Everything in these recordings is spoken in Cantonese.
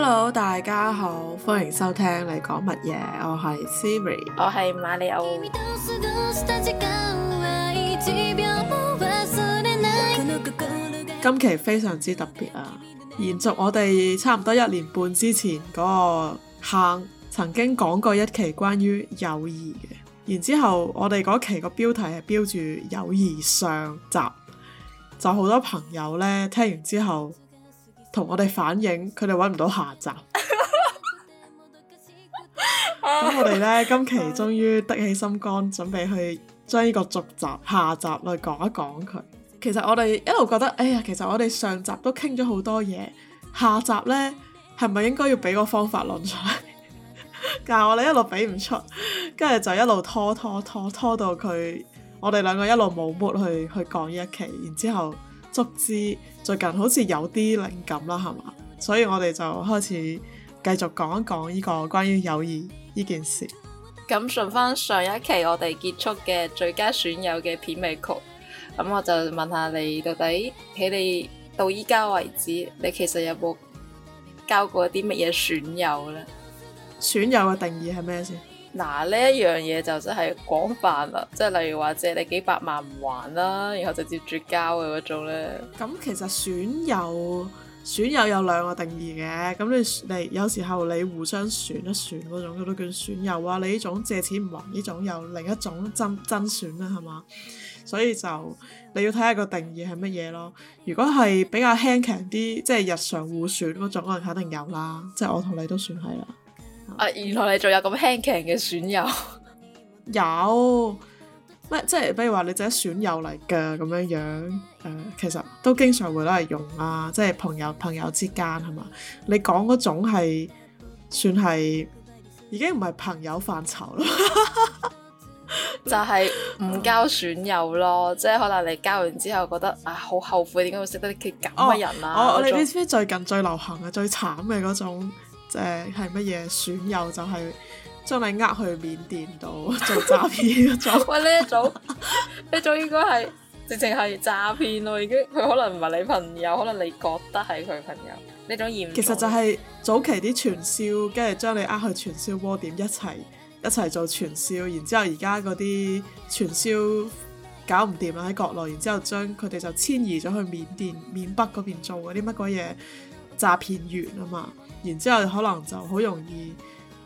Hello，大家好，歡迎收聽你講乜嘢？我係 Siri，我係瑪利奧。今期非常之特別啊！延續我哋差唔多一年半之前嗰個坑，曾經講過一期關於友誼嘅。然之後我哋嗰期個標題係標住友誼上集，就好多朋友咧聽完之後。同我哋反映，佢哋揾唔到下集。咁 我哋呢，今期終於得起心肝，準備去將呢個續集下集去講一講佢。其實我哋一路覺得，哎呀，其實我哋上集都傾咗好多嘢，下集呢，係咪應該要俾個方法論出嚟？ 但係我哋一路俾唔出，跟住就一路拖拖拖拖到佢，我哋兩個一路冇乜去去講呢一期，然之後。足之最近好似有啲靈感啦，係嘛？所以我哋就開始繼續講一講呢個關於友誼呢件事。咁順翻上一期我哋結束嘅最佳損友嘅片尾曲，咁我就問下你到，到底你哋到依家為止，你其實有冇交過啲乜嘢損友咧？損友嘅定義係咩先？嗱呢一樣嘢就真係廣泛啦，即係例如話借你幾百萬唔還啦，然後直接絕交嘅嗰種咧。咁其實損友損友有兩個定義嘅，咁你你有時候你互相損一損嗰種都叫損友啊，你呢種借錢唔還呢種又另一種真真損啦，係嘛？所以就你要睇下個定義係乜嘢咯。如果係比較輕強啲，即係日常互損嗰種，我肯定有啦，即係我同你都算係啦。啊，原來你仲有咁輕狂嘅損友，有咩即係，比如話你做啲損友嚟㗎咁樣樣，誒、呃，其實都經常會攞嚟用啊，即係朋友朋友之間係嘛？你講嗰種係算係已經唔係朋友範疇咯， 就係唔交損友咯，嗯、即係可能你交完之後覺得啊，好後悔點解會識得啲咁嘅人啊！我哋、哦哦、你知唔知最近最流行嘅、最慘嘅嗰種？即係乜嘢損友？就係將你呃去緬甸度做詐騙嗰種。喂，呢一種呢種應該係直情係詐騙咯，已經佢可能唔係你朋友，可能你覺得係佢朋友呢種嚴重。其實就係早期啲傳銷，跟住將你呃去傳銷窩點一齊一齊做傳銷，然之後而家嗰啲傳銷搞唔掂啦喺國內，然之後將佢哋就遷移咗去緬甸緬北嗰邊做嗰啲乜鬼嘢詐騙員啊嘛～然之後可能就好容易，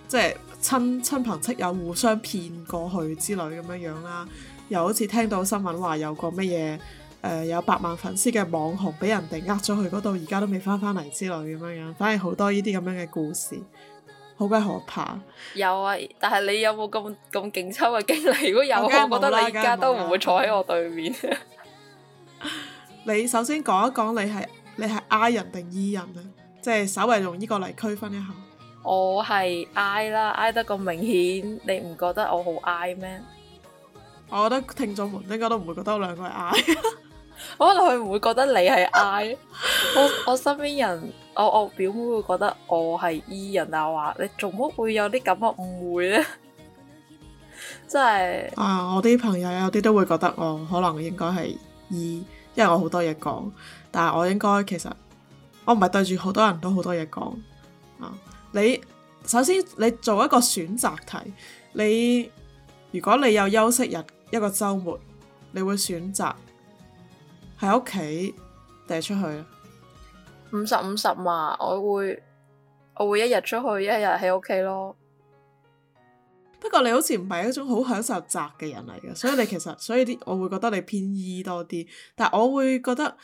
即係親親朋戚友互相騙過去之類咁樣樣啦，又好似聽到新聞話有個乜嘢誒有百萬粉絲嘅網紅俾人哋呃咗去嗰度，而家都未返返嚟之類咁樣樣，反而好多呢啲咁樣嘅故事，好鬼可怕。有啊，但係你有冇咁咁勁抽嘅經歷？如果有我怕，我覺得你而家都唔會坐喺我對面。 你首先講一講你係你係 I 人定 E 人啊？即係稍微用呢個嚟區分一下，我係 I 啦，I 得咁明顯，你唔覺得我好 I 咩？我覺得聽眾們應該都唔會覺得我兩個係 I，可能佢唔會覺得你係 I， 我我身邊人，我我表妹會覺得我係 E 人，但係我話你做乜會有啲咁嘅誤會咧？即 係是啊，我啲朋友有啲都會覺得我可能應該係 E，因為我好多嘢講，但係我應該其實。我唔係對住好多人都好多嘢講啊，你首先你做一個選擇題。你如果你有休息日一個週末，你會選擇喺屋企定係出去？五十五十嘛，我會我會一日出去，一日喺屋企咯。不過你好似唔係一種好享受宅嘅人嚟嘅，所以你其實 所以啲我會覺得你偏 E 多啲，但係我會覺得。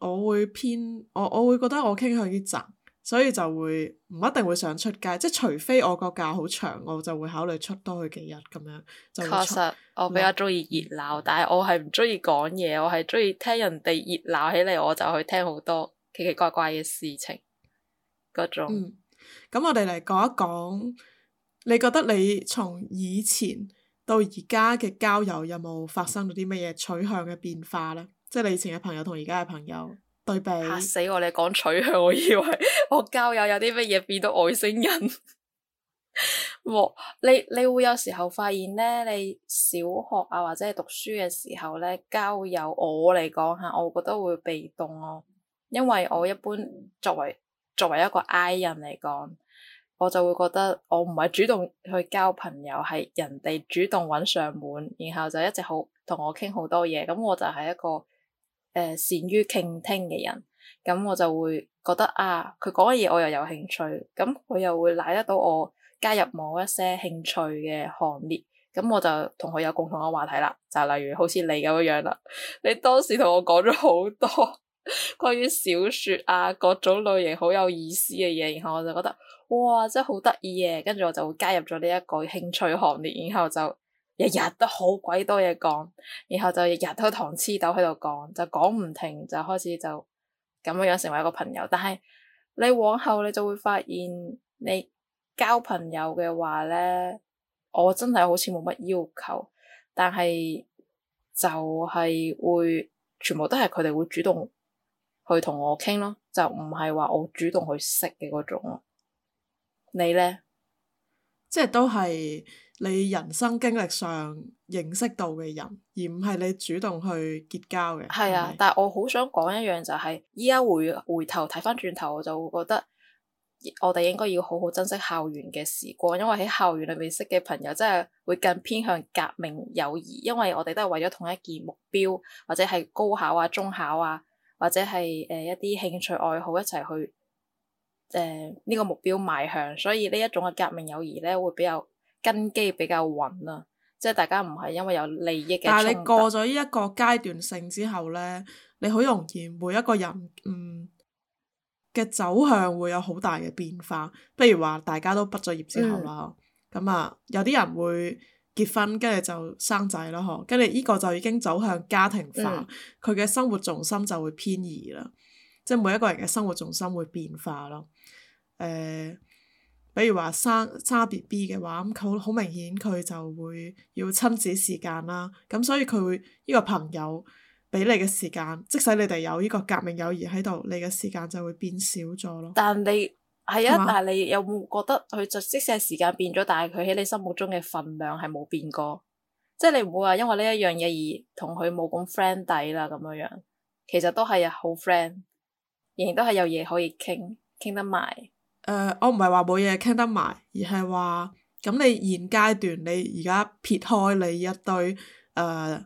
我會偏我我會覺得我傾向於宅，所以就會唔一定會想出街，即係除非我個假好長，我就會考慮出多佢幾日咁樣。確實，我比較中意熱鬧，但係我係唔中意講嘢，我係中意聽人哋熱鬧起嚟，我就去聽好多奇奇怪怪嘅事情嗰種。咁、嗯、我哋嚟講一講，你覺得你從以前到而家嘅交友有冇發生咗啲乜嘢取向嘅變化呢？即係你以前嘅朋友同而家嘅朋友對比吓死我！你講取向，我以為我交友有啲乜嘢變到外星人。 你你會有時候發現咧，你小學啊或者係讀書嘅時候咧，交友我嚟講下，我覺得會被動咯。因為我一般作為作為一個 I 人嚟講，我就會覺得我唔係主動去交朋友，係人哋主動搵上門，然後就一直好同我傾好多嘢。咁我就係一個。誒善於傾聽嘅人，咁我就會覺得啊，佢講嘅嘢我又有興趣，咁佢又會拉得到我加入某一些興趣嘅行列，咁我就同佢有共同嘅話題啦。就是，例如好似你咁樣樣啦，你當時同我講咗好多 關於小説啊各種類型好有意思嘅嘢，然後我就覺得哇真係好得意啊，跟住我就會加入咗呢一個興趣行列，然後就。日日都好鬼多嘢講，然後就日日都糖黐豆喺度講，就講唔停，就開始就咁樣樣成為一個朋友。但係你往後你就會發現，你交朋友嘅話咧，我真係好似冇乜要求，但係就係會全部都係佢哋會主動去同我傾咯，就唔係話我主動去識嘅嗰種。你咧，即係都係。你人生經歷上認識到嘅人，而唔係你主動去結交嘅。係啊，是是但係我好想講一樣就係、是，依家回回頭睇翻轉頭，我就會覺得我哋應該要好好珍惜校園嘅時光，因為喺校園裏面識嘅朋友真係會更偏向革命友誼，因為我哋都係為咗同一件目標，或者係高考啊、中考啊，或者係誒、呃、一啲興趣愛好一齊去誒呢、呃呢個目標邁向，所以呢一種嘅革命友誼咧會比較。根基比較穩啦，即係大家唔係因為有利益嘅衝突。但係你過咗呢一個階段性之後咧，你好容易每一個人嗯嘅走向會有好大嘅變化。不如話大家都畢咗業之後啦，咁、嗯、啊有啲人會結婚，跟住就生仔啦，嗬，跟住呢個就已經走向家庭化，佢嘅、嗯、生活重心就會偏移啦。即係每一個人嘅生活重心會變化咯，誒、呃。比如話生生 B B 嘅話，咁佢好明顯佢就會要親子時間啦。咁所以佢會呢個朋友俾你嘅時間，即使你哋有呢個革命友誼喺度，你嘅時間就會變少咗咯。但你係啊，吧但係你有冇覺得佢就即使時間變咗，但係佢喺你心目中嘅份量係冇變過？即係你唔會話因為呢一樣嘢而同佢冇咁 friend 底啦咁樣樣。其實都係好 friend，仍然都係有嘢可以傾，傾得埋。誒、呃，我唔係話冇嘢傾得埋，而係話咁你現階段你而家撇開你一堆誒、呃、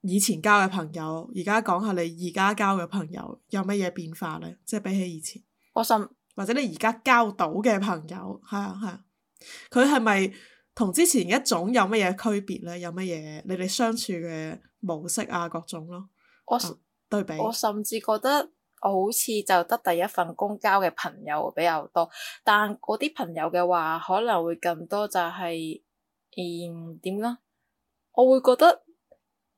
以前交嘅朋友，而家講下你而家交嘅朋友有乜嘢變化呢？即係比起以前，我甚或者你而家交到嘅朋友係啊係啊，佢係咪同之前一種有乜嘢區別呢？有乜嘢你哋相處嘅模式啊各種咯，我、呃、對比我甚，我甚至覺得。我好似就得第一份工交嘅朋友比較多，但嗰啲朋友嘅話可能會更多就係，嗯，點咧？我會覺得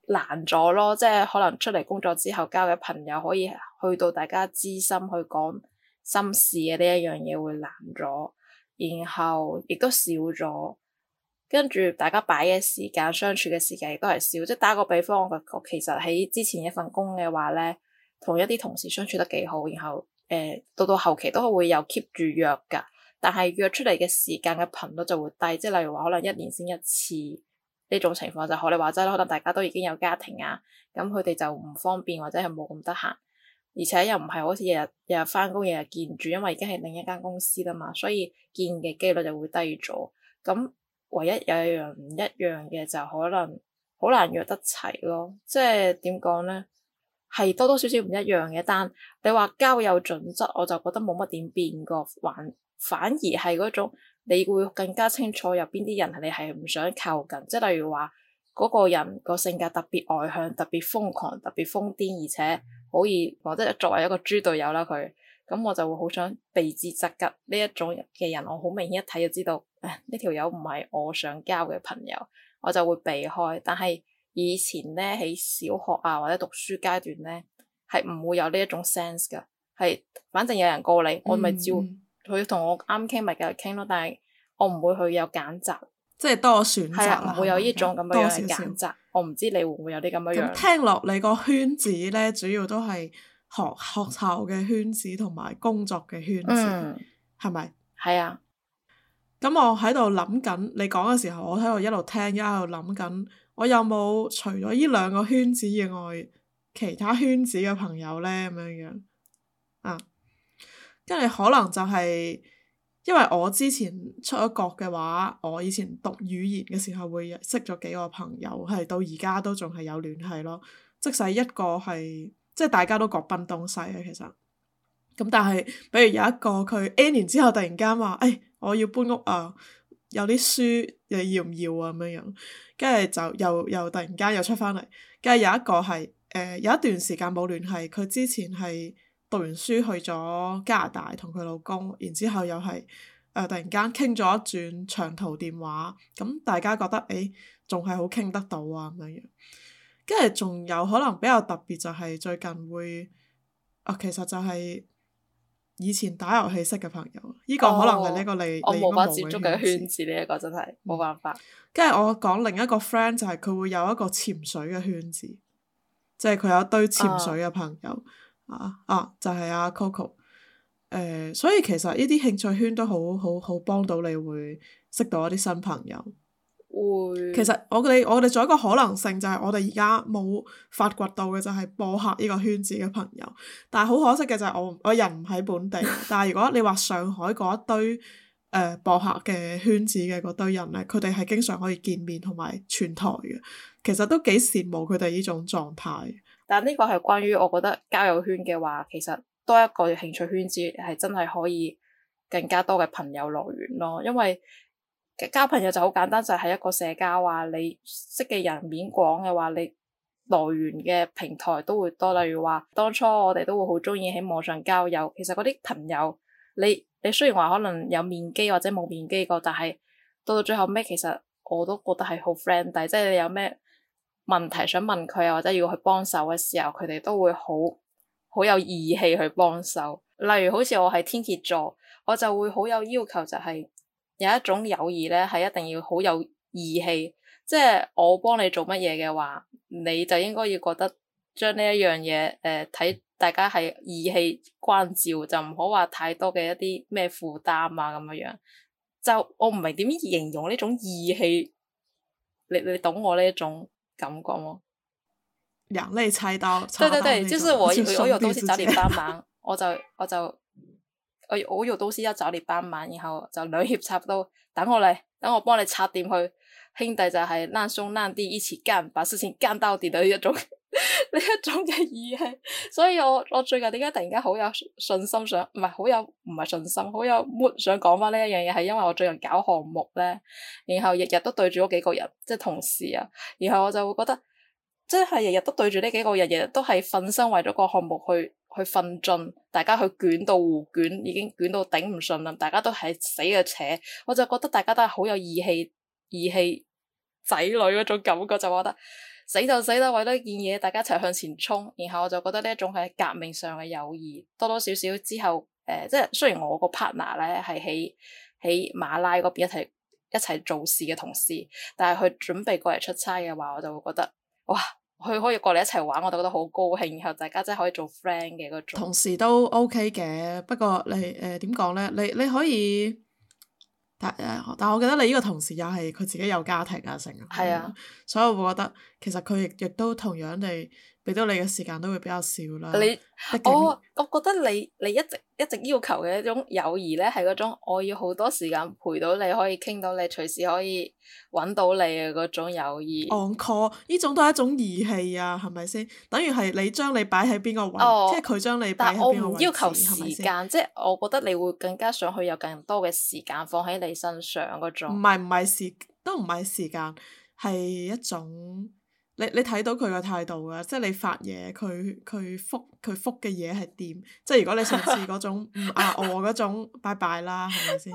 難咗咯，即係可能出嚟工作之後交嘅朋友可以去到大家知心去講心事嘅呢一樣嘢會難咗，然後亦都少咗，跟住大家擺嘅時間、相處嘅時間亦都係少。即係打個比方，我我其實喺之前一份工嘅話咧。同一啲同事相處得幾好，然後誒、呃、到到後期都係會有 keep 住約㗎，但係約出嚟嘅時間嘅頻率就會低，即係例如話可能一年先一次呢種情況就可你話齋啦，可能大家都已經有家庭啊，咁佢哋就唔方便或者係冇咁得閒，而且又唔係好似日日日日翻工日日見住，因為已經係另一間公司啦嘛，所以見嘅機率就會低咗。咁唯一有一樣唔一樣嘅就可能好難約得齊咯，即係點講咧？係多多少少唔一樣嘅，但你話交友準則，我就覺得冇乜點變過，還反，反而係嗰種你會更加清楚有邊啲人，你係唔想靠近。即係例如話嗰、嗰個人個性格特別外向、特別瘋狂、特別瘋癲，而且可以或者作為一個豬隊友啦，佢咁我就會好想避之則吉呢一種嘅人，我好明顯一睇就知道，唉呢條友唔係我想交嘅朋友，我就會避開。但係。以前咧喺小學啊，或者讀書階段咧，係唔會有呢一種 sense 噶。係反正有人過你，嗯、我咪照佢同我啱傾咪繼續傾咯。但係我唔會去有揀擇，即係多選擇，唔、啊、會有呢種咁嘅樣揀擇。我唔知你會唔會有啲咁嘅樣。咁聽落你個圈子咧，主要都係學學校嘅圈子同埋工作嘅圈子，係咪？係啊。咁我喺度諗緊，你講嘅時候，我喺度一路聽，一路諗緊。我有冇除咗呢兩個圈子以外，其他圈子嘅朋友呢？咁樣樣啊？跟住可能就係、是、因為我之前出咗國嘅話，我以前讀語言嘅時候會識咗幾個朋友，係到而家都仲係有聯繫咯。即使一個係即係大家都各奔東西啊，其實咁但係，比如有一個佢 n 年之後突然間話：誒、哎，我要搬屋啊！有啲書誒，要唔要啊？咁樣樣，跟住就又又突然間又出返嚟，跟住有一個係誒、呃、有一段時間冇聯繫，佢之前係讀完書去咗加拿大同佢老公，然之後又係誒突然間傾咗一轉長途電話，咁大家覺得誒仲係好傾得到啊咁樣，跟住仲有可能比較特別就係最近會啊、哦、其實就係、是。以前打遊戲識嘅朋友，呢、這個可能係呢個你、oh, 你冇咁接觸嘅圈子呢一、這個真係冇辦法。跟住、嗯、我講另一個 friend 就係佢會有一個潛水嘅圈子，即係佢有一堆潛水嘅朋友。Oh. 啊啊，就係、是、阿、啊、Coco。誒、呃，所以其實呢啲興趣圈都好好好幫到你會識到一啲新朋友。會其實我哋我哋仲有一個可能性就係我哋而家冇發掘到嘅就係播客呢個圈子嘅朋友，但係好可惜嘅就係我我人唔喺本地， 但係如果你話上海嗰一堆誒、呃、播客嘅圈子嘅嗰堆人咧，佢哋係經常可以見面同埋串台嘅，其實都幾羨慕佢哋呢種狀態。但呢個係關於我覺得交友圈嘅話，其實多一個興趣圈子係真係可以更加多嘅朋友來源咯，因為。交朋友就好簡單，就係、是、一個社交啊！你識嘅人面廣嘅話，你來源嘅平台都會多。例如話，當初我哋都會好中意喺網上交友。其實嗰啲朋友，你你雖然話可能有面基或者冇面基過，但係到到最後尾，其實我都覺得係好 friend 但，即係你有咩問題想問佢啊，或者要去幫手嘅時候，佢哋都會好好有義氣去幫手。例如好似我係天蠍座，我就會好有要求、就是，就係。有一種友誼咧，係一定要好有義氣，即係我幫你做乜嘢嘅話，你就應該要覺得將呢一樣嘢，誒、呃，睇大家係義氣關照，就唔好話太多嘅一啲咩負擔啊咁樣樣。就我唔係點形容呢種義氣，你你懂我呢一種感覺嗎？兩肋插刀。刀對對對，那個、即我是如時 我如我有東西找你幫忙，我就我就。我我有東西要找你幫忙，然後就兩肋插刀，等我嚟，等我幫你插掂去，兄弟就係難兄難弟，一起幹，把事情幹到底的一種，呢 一種嘅意義。所以我我最近點解突然間好有信心想，唔係好有唔係信心，好有 mood 想講返呢一樣嘢，係因為我最近搞項目咧，然後日日都對住嗰幾個人，即係同事啊，然後我就會覺得，即係日日都對住呢幾個人，日日都係奮身為咗個項目去。去奮進，大家去捲到互捲，已經捲到頂唔順啦！大家都係死嘅扯，我就覺得大家都係好有義氣、義氣仔女嗰種感覺，就覺得死就死啦，為咗一件嘢，大家一齊向前衝。然後我就覺得呢一種係革命上嘅友誼，多多少少之後，誒、呃，即係雖然我個 partner 咧係喺喺馬拉嗰邊一齊一齊做事嘅同事，但係佢準備過嚟出差嘅話，我就會覺得，哇！佢可以過嚟一齊玩，我就覺得好高興，然後大家真係可以做 friend 嘅嗰種。同事都 OK 嘅，不過你誒點講咧？你你可以，但誒，但係我記得你呢個同事又係佢自己有家庭啊，成日，係啊、嗯，所以我會覺得。其實佢亦亦都同樣地俾到你嘅時間都會比較少啦。你竟我,我覺得你你一直一直要求嘅一種友誼咧，係嗰種我要好多時間陪到你，可以傾到你，隨時可以搵到你嘅嗰種友誼。on call 呢種都係一種義氣啊，係咪先？等於係你將你擺喺邊個位，哦、即係佢將你擺喺邊個位置。但係我唔要求時間，吧即係我覺得你會更加想去有更多嘅時間放喺你身上嗰種。唔係唔係時都唔係時間，係一種。你你睇到佢個態度㗎，即係你發嘢佢佢覆佢覆嘅嘢係點？即係如果你上次嗰種唔壓、 啊、我嗰種，拜拜啦，係咪先？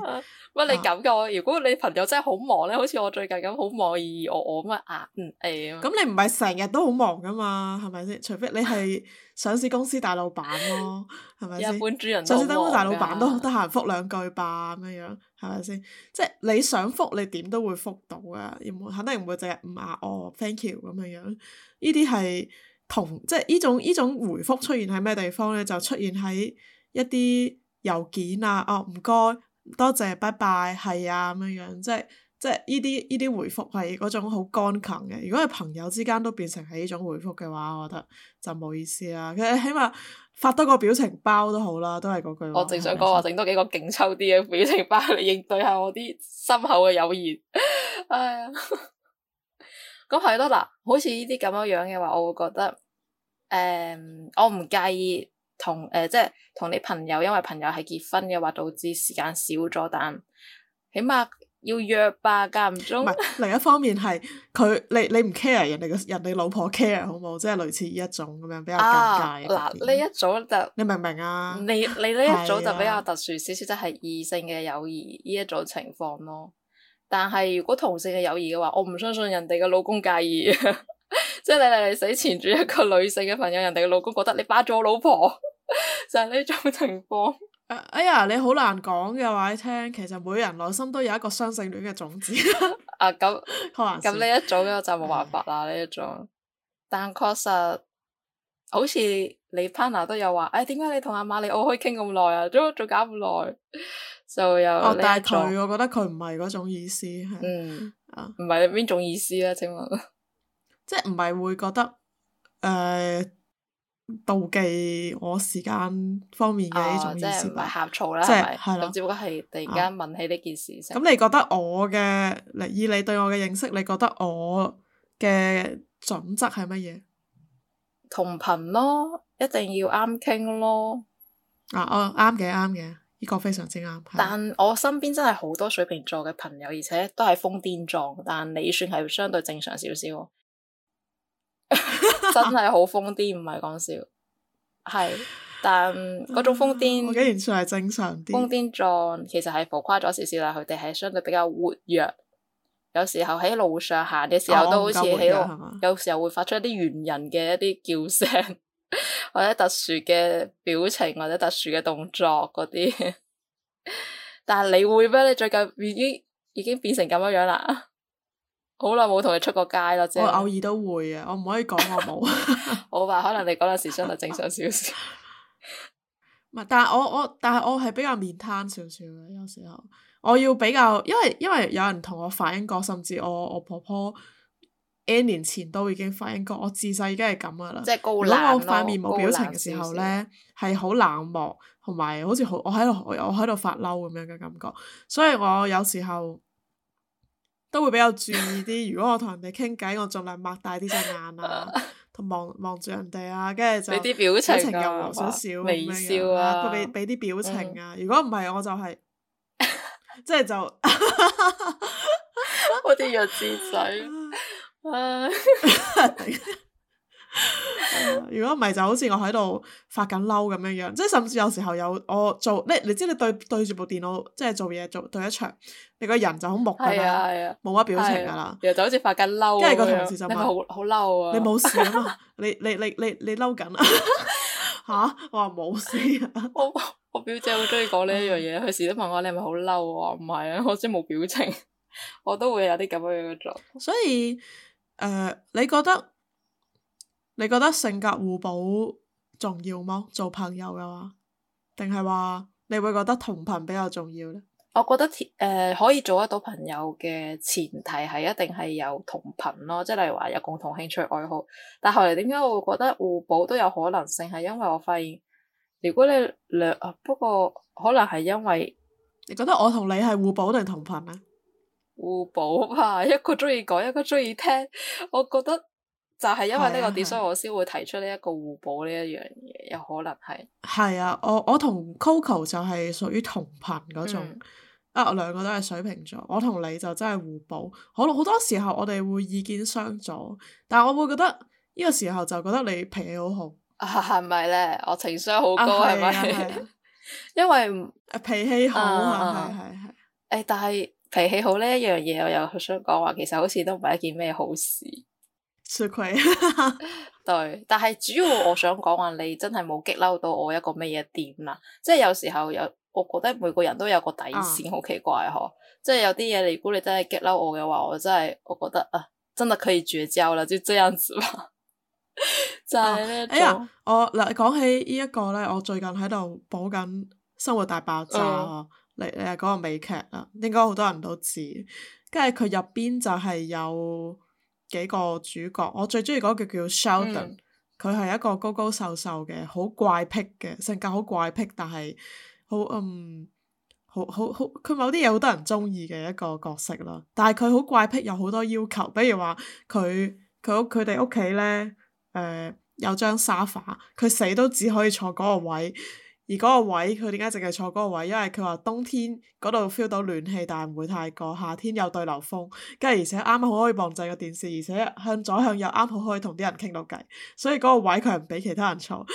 喂， 你咁噶？如果你朋友真係好忙咧，好似我最近咁好忙，依我餓咁啊，嗯、欸、誒。咁你唔係成日都好忙㗎嘛？係咪先？除非你係 上市公司大老闆咯，係咪先？日本主人上市公司大老闆都得閒覆兩句吧咁樣樣，係咪先？即係你想覆你點都會覆到啊！唔肯定唔會淨係唔啊哦，thank you 咁樣樣。依啲係同即係依種呢種回覆出現喺咩地方呢？就出現喺一啲郵件啊，哦，唔該，多謝，拜拜，係啊咁樣樣，即係。即係依啲依啲回覆係嗰種好乾澀嘅，如果係朋友之間都變成係呢種回覆嘅話，我覺得就冇意思啦。佢起碼發多個表情包都好啦，都係嗰句。我正想講話整多幾個勁抽啲嘅表情包嚟應對下我啲深厚嘅友誼。唉、 哎、呀，咁係咯嗱，好似呢啲咁樣樣嘅話，我會覺得誒、嗯，我唔介意同誒、呃，即係同你朋友，因為朋友係結婚嘅話，導致時間少咗，但起碼。要約吧，間唔中。唔係，另一方面係佢你你唔 care 人哋嘅，人哋老婆 care 好冇？即係類似呢一種咁樣比較尷尬。嗱、啊，呢一組就你明唔明啊？你你呢一組就比較特殊少少，即係異性嘅友誼呢一種情況咯。但係如果同性嘅友誼嘅話，我唔相信人哋嘅老公介意。 即係你嚟死纏住一個女性嘅朋友，人哋嘅老公覺得你霸咗我老婆， 就係呢種情況。Uh, 哎呀，你好難講嘅話你聽，其實每人內心都有一個雙性戀嘅種子。 啊，咁咁呢一早咁就冇辦法啦，呢、uh, 一早。但確實，好似你 partner 都有話，誒、哎，點解你同阿瑪利奧可以傾咁耐啊？都仲搞咁耐，就、 so, 有哦、啊，但係佢，我覺得佢唔係嗰種意思，嗯，啊，唔係邊種意思咧？請問，即係唔係會覺得誒？呃妒忌我時間方面嘅呢種意思，唔係呷醋啦、哦、即係係啦，咁、啊、只不過係突然間問起呢件事。咁、啊、你覺得我嘅，以你對我嘅認識，你覺得我嘅準則係乜嘢？同頻咯，一定要啱傾咯啊、哦。啊，我啱嘅，啱嘅，呢個非常之啱。但我身邊真係好多水瓶座嘅朋友，而且都係瘋癲狀，但你算係相對正常少少。 真係好瘋癲，唔係講笑，係但嗰種瘋癲竟然算係正常啲。瘋癲狀，其實係浮誇咗少少啦。佢哋係相對比較活躍，有時候喺路上行嘅時候都好似喺度，嗎有時候會發出一啲猿人嘅一啲叫聲或者特殊嘅表情或者特殊嘅動作嗰啲。但係你會咩？你最近已經已經變成咁樣樣啦。好耐冇同佢出過街咯，即我偶爾都會啊！我唔可以講我冇，好吧？可能你嗰陣時相對正常少少。唔係，但係我我但係我係比較面癱少少嘅，有時候我要比較，因為因為有人同我反映過，甚至我我婆婆 N 年前都已經反映過，我自細已經係咁噶啦。即係高冷啦。高冷。我塊面冇表情嘅時候呢，係好冷漠，同埋好似好我喺度我我喺度發嬲咁樣嘅感覺，所以我有時候，都會比較注意啲，如果我同人哋傾偈，我盡量擘大啲隻眼啊，同望望住人哋啊，跟住就俾啲表情，又留少少微笑啊，俾俾啲表情啊。如果唔係，我就係、是、 即係是就 我似弱智仔。哎。 如果唔係，就好似我喺度發緊嬲咁樣樣，即係甚至有時候有我做，你你知你對對住部電腦，即係做嘢做對一場，你個人就好木係啊，係啊，冇乜表情噶啦，然後就好似發緊嬲，跟住個同事就問，好嬲啊，你冇事啊嘛，你你你你你嬲緊啊，吓我話冇事，啊。」我表姐好中意講呢一樣嘢，佢時都問我你係咪好嬲，我唔係啊，我即係冇表情，我都會有啲咁樣樣嘅做，所以誒你覺得？你覺得性格互補重要麼？做朋友嘅話，定係話你會覺得同頻比較重要呢？我覺得誒、呃、可以做得到朋友嘅前提係一定係有同頻咯，即係例如話有共同興趣愛好。但係後嚟點解我會覺得互補都有可能性？係因為我發現，如果你兩不過可能係因為你覺得我同你係互補定係同頻啊？互補吧，一個鍾意講，一個鍾意聽，我覺得。就係因為呢個點，係啊、係所以我先會提出呢一個互補呢一樣嘢，有可能係係啊。我我屬於同 Coco 就係屬於同頻嗰種、嗯、啊，兩個都係水瓶座。我同你就真係互補。可能好多時候我哋會意見相左，但係我會覺得呢、呢個時候就覺得你脾氣好好，啊，係咪咧？我情商好高，係咪？因為、啊、脾氣好係係係誒，啊、但係脾氣好呢一樣嘢，我又想講話，其實好似都唔係一件咩好事。吃虧， 對，但係主要我想講話，你真係冇激嬲到我一個咩嘢點啦，即係有時候有，我覺得每個人都有個底線，好、啊、奇怪嗬，即係有啲嘢，如果你真係激嬲我嘅話，我真係我覺得啊，真係可以絕交啦，即係這樣子啦， 就係咧、這個啊，哎呀，我嗱講起呢、這、一個咧，我最近喺度補緊《生活大爆炸、啊》你你係講個美劇啊，應該好多人都知，跟住佢入邊就係有。幾個主角，我最中意嗰個叫 Sheldon，佢係、嗯、一個高高瘦瘦嘅，好怪癖嘅性格，好怪癖，但係、um, 好嗯，好好好，佢某啲嘢好多人中意嘅一個角色啦。但係佢好怪癖，有好多要求，比如話佢佢佢哋屋企呢，誒、呃、有張沙發，佢死都只可以坐嗰個位。而嗰個位佢點解淨係坐嗰個位？因為佢話冬天嗰度 feel 到暖氣，但係唔會太過；夏天有對流風，跟住而且啱啱好可以望正個電視，而且向左向右啱好可以同啲人傾到偈。所以嗰個位佢係唔俾其他人坐，因、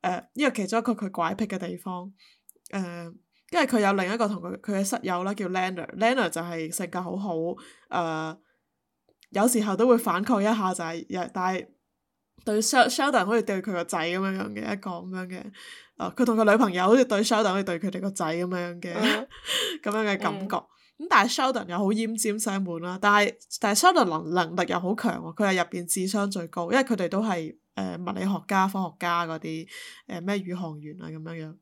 呃、呢、呢個、其中一個佢怪癖嘅地方。誒、呃，跟住佢有另一個同佢佢嘅室友啦，叫 Leonard Leonard 就係性格好好、呃，有時候都會反抗一下，就係、是、但係對 Sheldon 好似對佢個仔咁樣樣嘅一個咁樣嘅。啊！佢同佢女朋友好似對 Sheldon，好似對佢哋個仔咁樣嘅咁 樣嘅感覺。咁、嗯、但係 Sheldon 又好奄尖生滿啦。但係但係 Sheldon 能能力又好強喎、啊。佢係入邊智商最高，因為佢哋都係誒物理學家、科學家嗰啲誒咩宇航員啊咁樣樣。誒、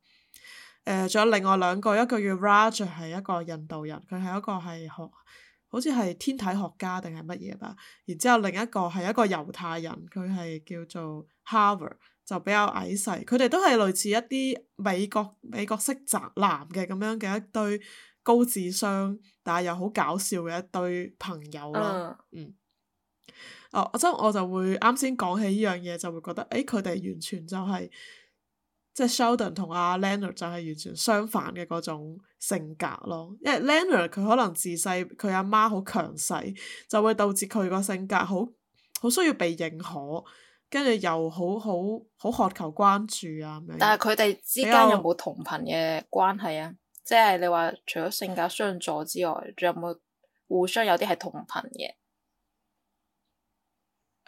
呃，仲有另外兩個，一個叫 Raj，係一個印度人，佢係一個係學，好似係天體學家定係乜嘢吧。然之後另一個係一個猶太人，佢係叫做 Howard。就比較矮細，佢哋都係類似一啲美國美國式宅男嘅咁樣嘅一堆高智商，但係又好搞笑嘅一堆朋友咯。啊、嗯。哦，即係我就會啱先講起呢樣嘢，就會覺得誒，佢哋完全就係即係 Sheldon 同阿 Leonard 就係、是、Le 完全相反嘅嗰種性格咯。因為 Leonard 佢可能自細佢阿媽好強勢，就會導致佢個性格好好需要被認可。跟住又好好好渴求關注啊！但有有有係佢哋之間有冇同頻嘅關係啊？即係你話除咗性格相左之外，仲有冇互相有啲係同頻嘅？誒、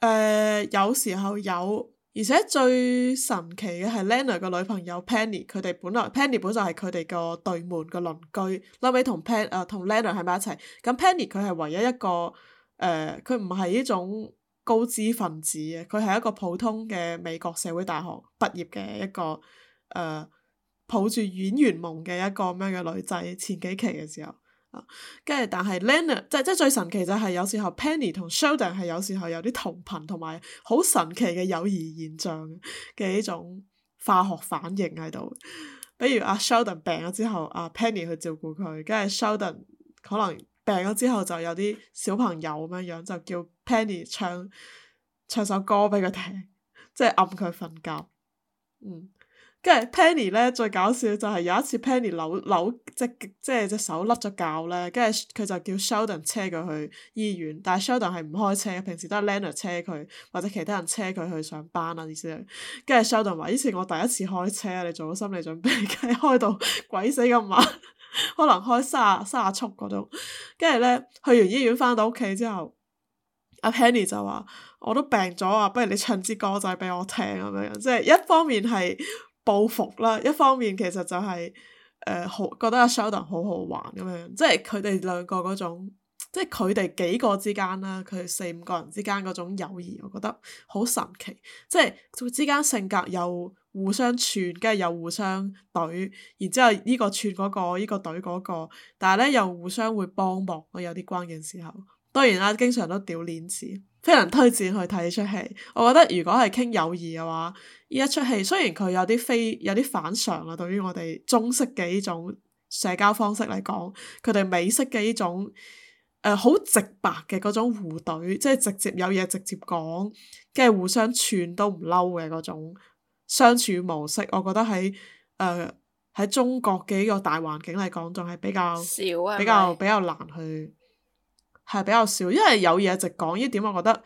呃、有時候有，而且最神奇嘅係 Leonard 嘅女朋友 Penny，佢哋本來 Penny 本來就係佢哋個對門個鄰居，嬲尾同 p e n 同、呃、Leonard 喺埋一齊。咁 Penny 佢係唯一一個誒，佢唔係呢種。高知分子啊！佢係一個普通嘅美國社會大學畢業嘅一個、呃、抱住演員夢嘅一個咁樣嘅女仔。前幾期嘅時候啊，跟住但係 Lena 即係即係最神奇就係有時候 Penny 同 Sheldon 係有時候有啲同頻同埋好神奇嘅友誼現象嘅呢種化學反應喺度。比如阿、啊、Sheldon 病咗之後阿、啊、Penny 去照顧佢，跟住 Sheldon 可能病咗之後就有啲小朋友咁樣樣就叫。Penny 唱唱首歌俾佢聽，即係暗佢瞓覺。嗯，跟住 Penny 咧最搞笑就係有一次 Penny 扭扭即係即係隻手甩咗臼咧，跟住佢就叫 Sheldon 車佢去醫院，但係 Sheldon 係唔開車，平時都係 Leonard 車佢或者其他人車佢去上班啦。意思跟住 Sheldon 話，呢次我第一次開車，你做好心理準備，梗係開到鬼死咁慢，可能開卅卅速嗰種。跟住咧去完醫院翻到屋企之後。阿 Penny 就話：我都病咗啊，不如你唱支歌仔俾我聽咁樣。即係一方面係報復啦，一方面其實就係、是、誒、呃、好覺得阿 Sheldon 好好玩咁樣。即係佢哋兩個嗰種，即係佢哋幾個之間啦，佢哋四五個人之間嗰種友誼，我覺得好神奇。即係佢之間性格又互相串，跟住又互相懟，然之後呢個串嗰、那個，呢、這個懟嗰、那個，但係咧又互相會幫忙咯，有啲關鍵時候。當然啦，經常都掉鏈子。非常推薦去睇呢出戲。我覺得如果係傾友誼嘅話，依一出戲雖然佢有啲非有啲反常啦，對於我哋中式嘅呢種社交方式嚟講，佢哋美式嘅呢種誒好、呃、直白嘅嗰種互懟，即係直接有嘢直接講，跟住互相串都唔嬲嘅嗰種相處模式，我覺得喺誒喺中國嘅依個大環境嚟講，仲係比較少，是是比較比較難去。係比較少，因為有嘢直講呢點，我覺得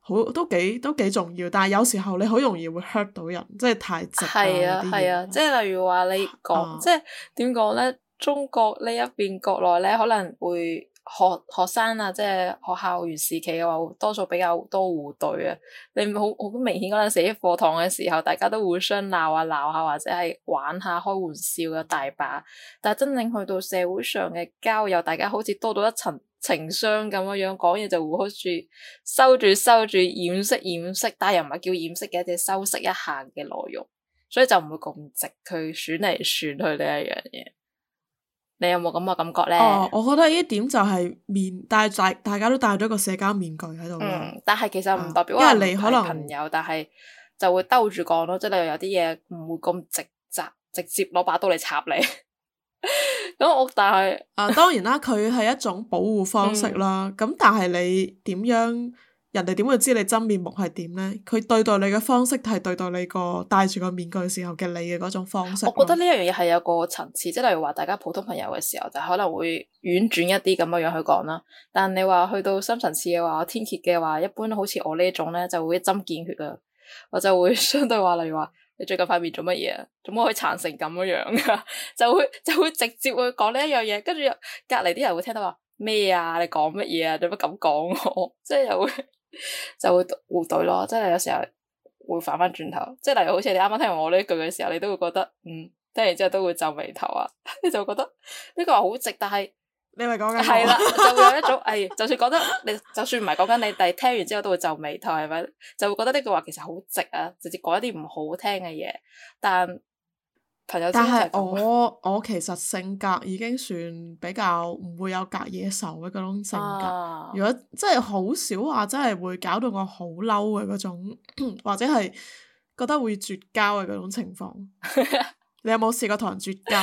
好都幾都幾重要，但係有時候你好容易會 hurt 到人，即係太直啊啲嘢，係啊，係啊,啊，即係例如話你講，啊、即係點講咧？中國,一邊國呢一邊國內咧，可能會。學學生啊，即係學校園時期嘅話，多數比較多互懟啊。你好好明顯嗰陣時喺課堂嘅時候，大家都互相鬧下鬧下，或者係玩下開玩笑嘅大把。但係真正去到社會上嘅交友，大家好似多到一層情商咁嘅樣，講嘢就會好似收住收住掩飾掩飾，但係又唔係叫掩飾嘅，只係修飾一下嘅內容。所以就唔會咁直，佢選嚟選去呢一樣嘢。你有冇咁嘅感覺咧？哦，我覺得呢點就係面，但大大家都戴咗個社交面具喺度、嗯、但係其實唔代表、啊、因為你可能朋友，但係就會兜住講咯，即係又有啲嘢唔會咁直直接攞把刀嚟插你。咁 我但係是啊，當然啦，佢係一種保護方式啦。咁、嗯、但係你點樣？人哋點會知你真面目係點咧？佢對待你嘅方式，係對待你個戴住個面具時候嘅你嘅嗰種方式。我覺得呢一樣嘢係有個層次，即係例如話大家普通朋友嘅時候，就可能會婉轉一啲咁嘅樣去講啦。但你話去到深層次嘅話，天蠍嘅話，一般好似我呢種咧，就會一針見血啊，我就會相對話，例如話你最近塊面做乜嘢啊？做乜可以殘成咁樣噶？ 就會就會直接會講呢一樣嘢，跟住隔離啲人會聽到話咩啊？你講乜嘢啊？做乜咁講我？即係又會。就會互懟咯，即係有時候會反翻轉頭，即係例如好似你啱啱聽完我呢句嘅時候，你都會覺得嗯，聽完之後都會皺眉頭啊，你就覺得呢句話好直，但係你咪講緊係啦，就會有一種誒、 哎，就算覺得你，就算唔係講緊你，但係聽完之後都會皺眉頭，係咪？就會覺得呢句話其實好直啊，直接講一啲唔好聽嘅嘢，但。朋友，但係我我其實性格已經算比較唔會有隔夜仇嘅嗰種性格，啊、如果真係好少話，真係會搞到我好嬲嘅嗰種，或者係覺得會絕交嘅嗰種情況。 你有冇試過同人絕交？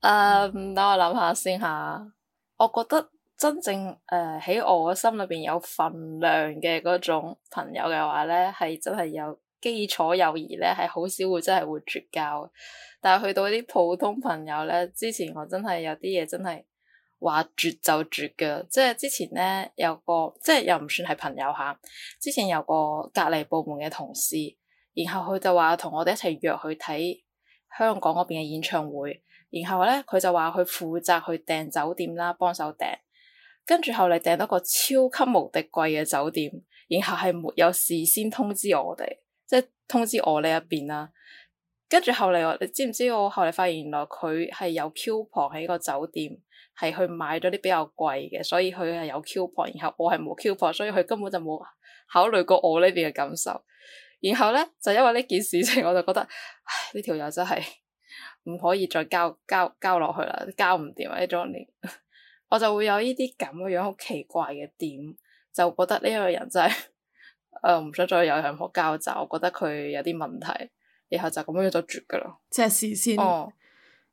誒，等我諗下先嚇。我覺得真正誒喺、呃、我心裏邊有份量嘅嗰種朋友嘅話咧，係真係有。基礎友誼咧係好少會真係會絕交，但係去到啲普通朋友咧，之前我真係有啲嘢，真係話絕就絕嘅。即係之前咧有個即係又唔算係朋友吓，之前有個隔離部門嘅同事，然後佢就話同我哋一齊約去睇香港嗰邊嘅演唱會，然後咧佢就話佢負責去訂酒店啦，幫手訂，跟住後嚟訂到個超級無敵貴嘅酒店，然後係沒有事先通知我哋。通知我呢一邊啦，跟住後嚟我，你知唔知我後嚟發現原來佢係有 coupon 喺個酒店，係去買咗啲比較貴嘅，所以佢係有 coupon，然後我係冇 coupon，所以佢根本就冇考慮過我呢邊嘅感受。然後咧就因為呢件事情，我就覺得唉，呢條友真係唔可以再交交交落去啦，交唔掂啊！呢種你我就會有呢啲咁嘅樣好奇怪嘅點，就覺得呢個人真係。誒，唔、uh, 想再有任何交集，我覺得佢有啲問題，然後就咁樣就絕噶啦。即係事先，oh.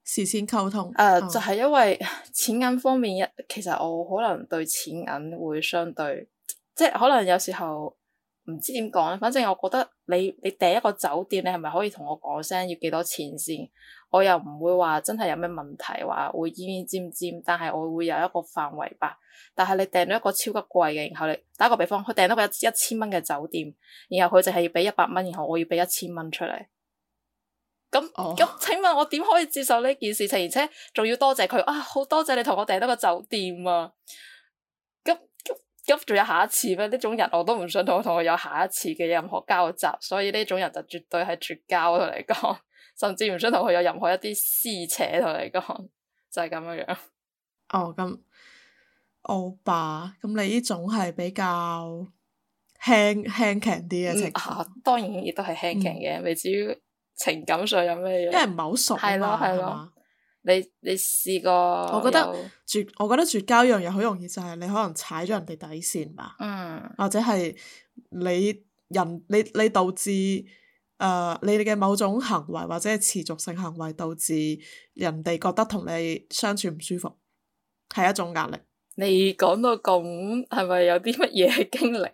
事先溝通。誒，uh, oh. 就係因為錢銀方面一，其實我可能對錢銀會相對，即係可能有時候。唔知點講咧，反正我覺得你你訂一個酒店，你係咪可以同我講聲要幾多錢先？我又唔會話真係有咩問題，話會奄奄尖尖，但係我會有一個範圍吧。但係你訂咗一個超級貴嘅，然後你打個比方，佢訂咗個一一千蚊嘅酒店，然後佢淨係要俾一百蚊，然後我要俾一千蚊出嚟。咁咁，oh. 請問我點可以接受呢件事情？而且仲要多謝佢啊！好多謝，謝你同我訂咗個酒店啊！咁仲有下一次咩？呢種人我都唔想同同佢有下一次嘅任何交集，所以呢種人就絕對係絕交，同你講， 甚至唔想同佢有任何一啲私扯，同你講， 就係咁樣樣、哦。哦，咁，歐巴，咁你呢種係比較輕輕鬆啲嘅情啊？當然亦都係輕鬆嘅，嗯、未至於情感上有咩嘢，因為唔係好熟嘛，係咯、係咯。你你試過？我覺得絕，我覺得絕交一樣嘢好容易就係你可能踩咗人哋底線吧，嗯、或者係你人你你導致誒、呃、你哋嘅某種行為或者係持續性行為導致人哋覺得同你相處唔舒服，係一種壓力。你講到咁，係咪有啲乜嘢經歷？誒、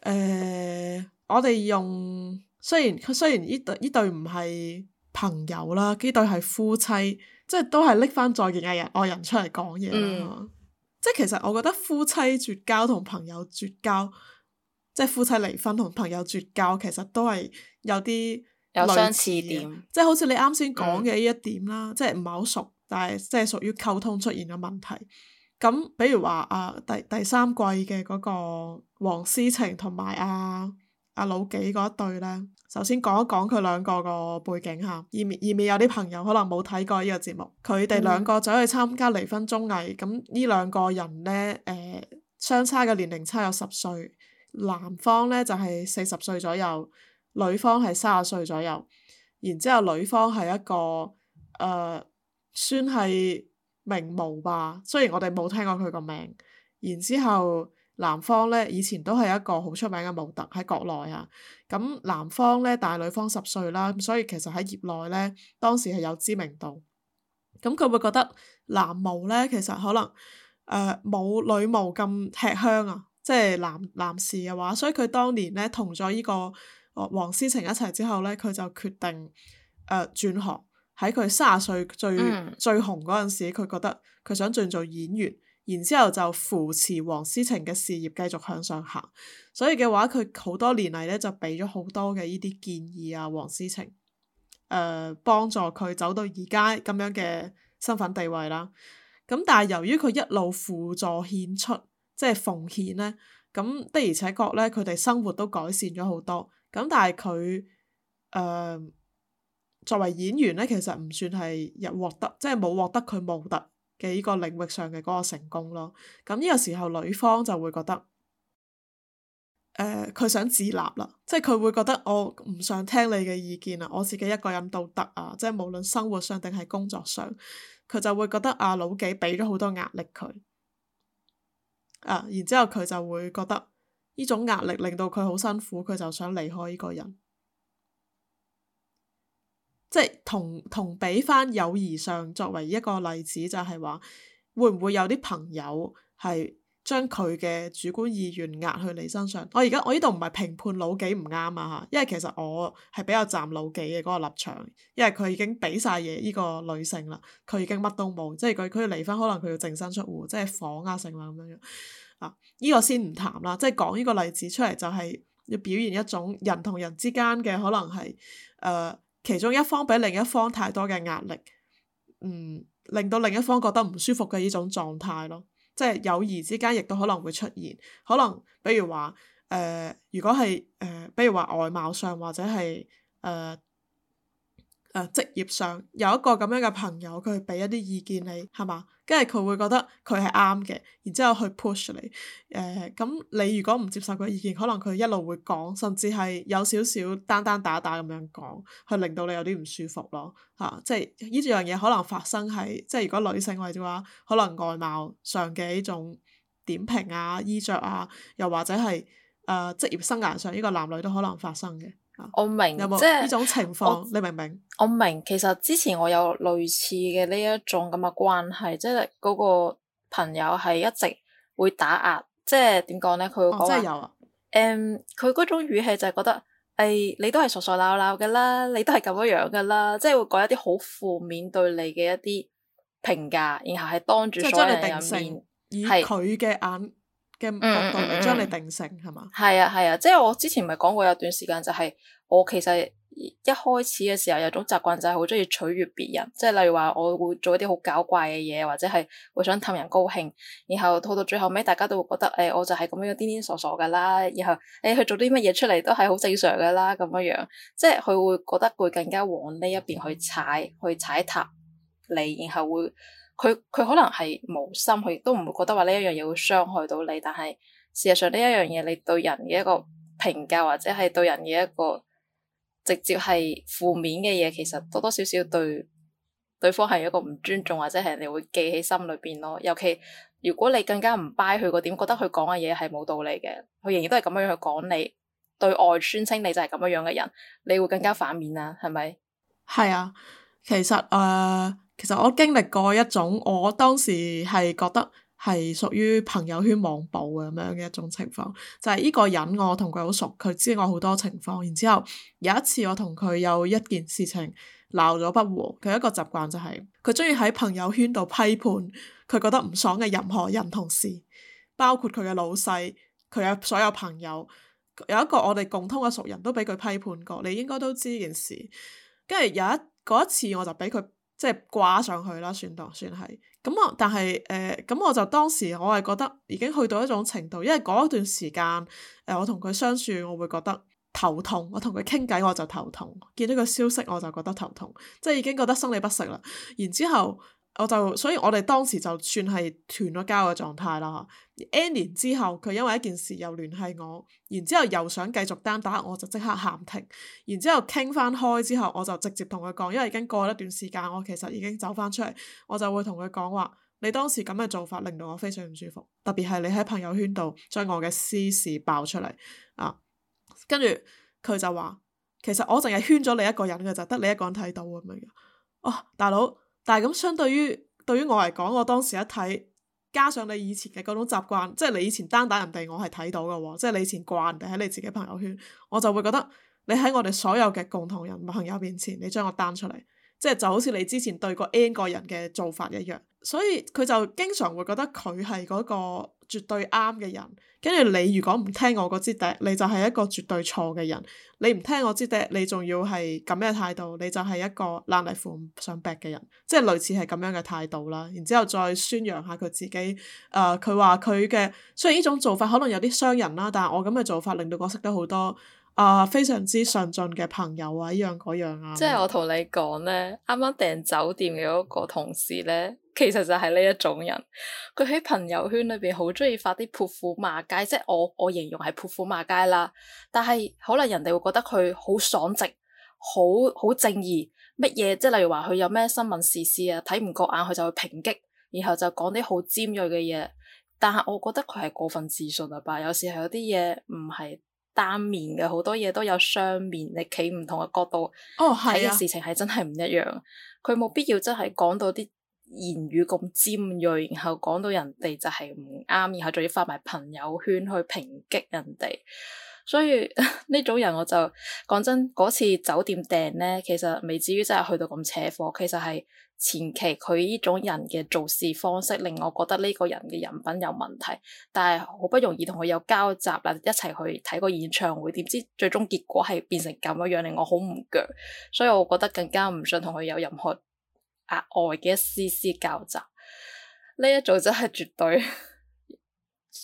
呃，我哋用雖然佢雖然呢對呢對唔係。朋友啦，呢對係夫妻，即係都係拎翻再見嘅人愛人出嚟講嘢。即係其實我覺得夫妻絕交同朋友絕交，即係夫妻離婚同朋友絕交，其實都係有啲有相似點。即係好似你啱先講嘅呢一點啦，嗯、即係唔係好熟，但係即係屬於溝通出現嘅問題。咁比如話啊，第第三季嘅嗰個黃思晴同埋阿阿老紀嗰一對啦。首先講一講佢兩個個背景下，以免，以免有啲朋友可能冇睇過呢個節目，佢哋兩個走去參加離婚綜藝，咁呢兩個人呢，誒、呃、相差嘅年齡差有十歲，男方呢，就係、是、四十歲左右，女方係三十歲左右，然之後女方係一個誒、呃、算係名模吧，雖然我哋冇聽過佢個名，然之後。男方呢，以前都係一個好出名嘅模特喺國內啊，咁男方呢，大女方十歲啦，所以其實喺業內呢，當時係有知名度。咁佢會覺得男模呢，其實可能冇、呃、女模咁吃香啊，即係男男士嘅話，所以佢當年呢，同咗呢個黃思晴一齊之後呢，佢就決定誒、呃、轉行喺佢三十歲最最紅嗰陣時，佢覺得佢想轉做演員。然之後就扶持黃思晴嘅事業繼續向上行，所以嘅話佢好多年嚟咧就俾咗好多嘅呢啲建議啊，黃思晴，誒、呃、幫助佢走到而家咁樣嘅身份地位啦。咁但係由於佢一路輔助獻出，即係奉獻咧，咁的而且確咧佢哋生活都改善咗好多。咁但係佢誒作為演員咧，其實唔算係有獲得，即係冇獲得佢模特嘅呢個領域上嘅嗰個成功咯，咁呢個時候女方就會覺得，呃、佢想自立啦，即係佢會覺得我唔想聽你嘅意見呀，我自己一個人都得啊，即係無論生活上定係工作上，佢就會覺得阿老幾俾咗好多壓力佢，啊、然之後佢就會覺得呢種壓力令到佢好辛苦，佢就想離開呢個人。即係同同比翻友誼上作為一個例子就，就係話會唔會有啲朋友係將佢嘅主觀意願壓去你身上？哦、我而家我呢度唔係評判老幾唔啱啊嚇，因為其實我係比較站老幾嘅嗰個立場，因為佢已經俾晒嘢呢個女性啦，佢已經乜都冇，即係佢佢離婚可能佢要淨身出戶，即係房啊剩啦咁樣啊，呢、呢個先唔談啦。即係講呢個例子出嚟，就係要表現一種人同人之間嘅可能係誒。呃其中一方俾另一方太多嘅壓力，嗯，令到另一方覺得唔舒服嘅呢種狀態咯，即係友誼之間亦都可能會出現，可能比如話，誒、呃，如果係誒、呃，比如話外貌上或者係誒誒職業上有一個咁樣嘅朋友，佢俾一啲意見你，係嘛？跟住佢會覺得佢係啱嘅，然之後去 push 你誒。咁、呃、你如果唔接受佢意見，可能佢一路會講，甚至係有少少單單打打咁樣講，去令到你有啲唔舒服咯嚇、啊。即係呢樣嘢可能發生係即係如果女性嘅話，可能外貌上嘅呢種點評啊、衣着啊，又或者係誒職業生涯上，呢個男女都可能發生嘅。我明，即係呢種情況，我，你明唔明？我明，其實之前我有類似嘅呢一種咁嘅關係，即係嗰個朋友係一直會打壓、就是哦，即係點講咧？佢會講，誒，即係有啊，佢嗰種語氣就係覺得，誒、哎，你都係傻傻鬧鬧嘅啦，你都係咁樣樣嘅啦，即、就、係、是、會講一啲好負面對你嘅一啲評價，然後係當住所有人面，係佢嘅眼。嘅角度嚟將你定性係嘛？係、mm, mm. 吧啊係啊，即係我之前咪講過有段時間，就係、是、我其實一開始嘅時候有種習慣，就係好中意取悅別人。即係例如話，我會做一啲好搞怪嘅嘢，或者係會想氹人高興。然後到到最後尾，大家都會覺得誒、欸，我就係咁樣癲癲傻傻噶啦。然後佢、欸、去做啲乜嘢出嚟都係好正常噶啦咁樣樣。即係佢會覺得佢更加往呢一邊去踩，mm. 去踩踏你，然後會。佢佢可能係無心，佢亦都唔會覺得話呢一樣嘢會傷害到你。但係事實上呢一樣嘢，你對人嘅一個評價，或者係對人嘅一個直接係負面嘅嘢，其實多多少少對對方係一個唔尊重，或者係你會記喺心裏邊咯。尤其如果你更加唔掰佢個點，覺得佢講嘅嘢係冇道理嘅，佢仍然都係咁樣去講你，對外宣稱你就係咁樣樣嘅人，你會更加反面啊？係咪？係啊，其實誒。Uh 其實我經歷過一種，我當時係覺得係屬於朋友圈網暴咁樣嘅一種情況，就係呢個人我同佢好熟，佢知我好多情況，然之後有一次我同佢有一件事情鬧咗不和。佢一個習慣就係佢中意喺朋友圈度批判佢覺得唔爽嘅任何人同事，包括佢嘅老細、佢嘅所有朋友，有一個我哋共通嘅熟人都俾佢批判過，你應該都知呢件事。跟住有一嗰、一次我就俾佢。即係掛上去啦，算當算係。咁我但係誒，咁、呃、我就當時我係覺得已經去到一種程度，因為嗰一段時間誒、呃，我同佢相處，我會覺得頭痛。我同佢傾偈我就頭痛，見到個消息我就覺得頭痛，即係已經覺得生理不適啦。然之後，我就，所以我哋當時就算係斷咗交嘅狀態啦。N 年之後，佢因為一件事又聯繫我，然之後又想繼續單打，我就即刻喊停。然之後傾翻開之後，我就直接同佢講，因為已經過一段時間，我其實已經走翻出嚟，我就會同佢講話：你當時咁嘅做法令到我非常唔舒服，特別係你喺朋友圈度將我嘅私事爆出嚟啊！跟住佢就話：其實我淨係圈咗你一個人嘅咋，得你一個人睇到咁樣。啊，大佬！但係咁相對於對於我嚟講，我當時一睇，加上你以前嘅嗰種習慣，即係你以前單打人哋，我係睇到㗎喎，即係你以前掛人哋喺你自己朋友圈，我就會覺得你喺我哋所有嘅共同人朋友面前，你將我單出嚟，即係就好似你之前對過 N 個人嘅做法一樣，所以佢就經常會覺得佢係嗰個絕對啱嘅人，跟住你如果唔聽我嗰支笛，你就係一個絕對錯嘅人。你唔聽我支笛，你仲要係咁嘅態度，你就係一個爛泥扶唔上壁嘅人，即係類似係咁樣嘅態度啦。然之後再宣揚下佢自己，誒、呃，佢話佢嘅雖然呢種做法可能有啲傷人啦，但係我咁嘅做法令到我識得好多。啊，非常之上進嘅朋友啊，依樣嗰樣啊。即係我同你講咧，啱啱訂酒店嘅嗰個同事咧，其實就係呢一種人。佢喺朋友圈裏邊好中意發啲潑婦罵街，即係我我形容係潑婦罵街啦。但係可能人哋會覺得佢好爽直，好好正義乜嘢。即係例如話佢有咩新聞事事啊，睇唔過眼佢就會抨擊，然後就講啲好尖銳嘅嘢。但係我覺得佢係過分自信啊吧。有時係有啲嘢唔係單面嘅，好多嘢都有雙面，你企唔同嘅角度睇嘅、哦、事情係真係唔一樣。佢冇、哦啊、必要真係講到啲言語咁尖鋭，然後講到人哋就係唔啱，然後仲要發埋朋友圈去抨擊人哋。所以呢 種人我就講真嗰次酒店訂咧，其實未至於真係去到咁扯火，其實係。前期佢呢種人嘅做事方式令我覺得呢個人嘅人品有問題，但係好不容易同佢有交集啦，一齊去睇個演唱會，點知最終結果係變成咁樣樣，令我好唔腳，所以我覺得更加唔想同佢有任何額外嘅一絲絲交集。呢一組真係絕對 。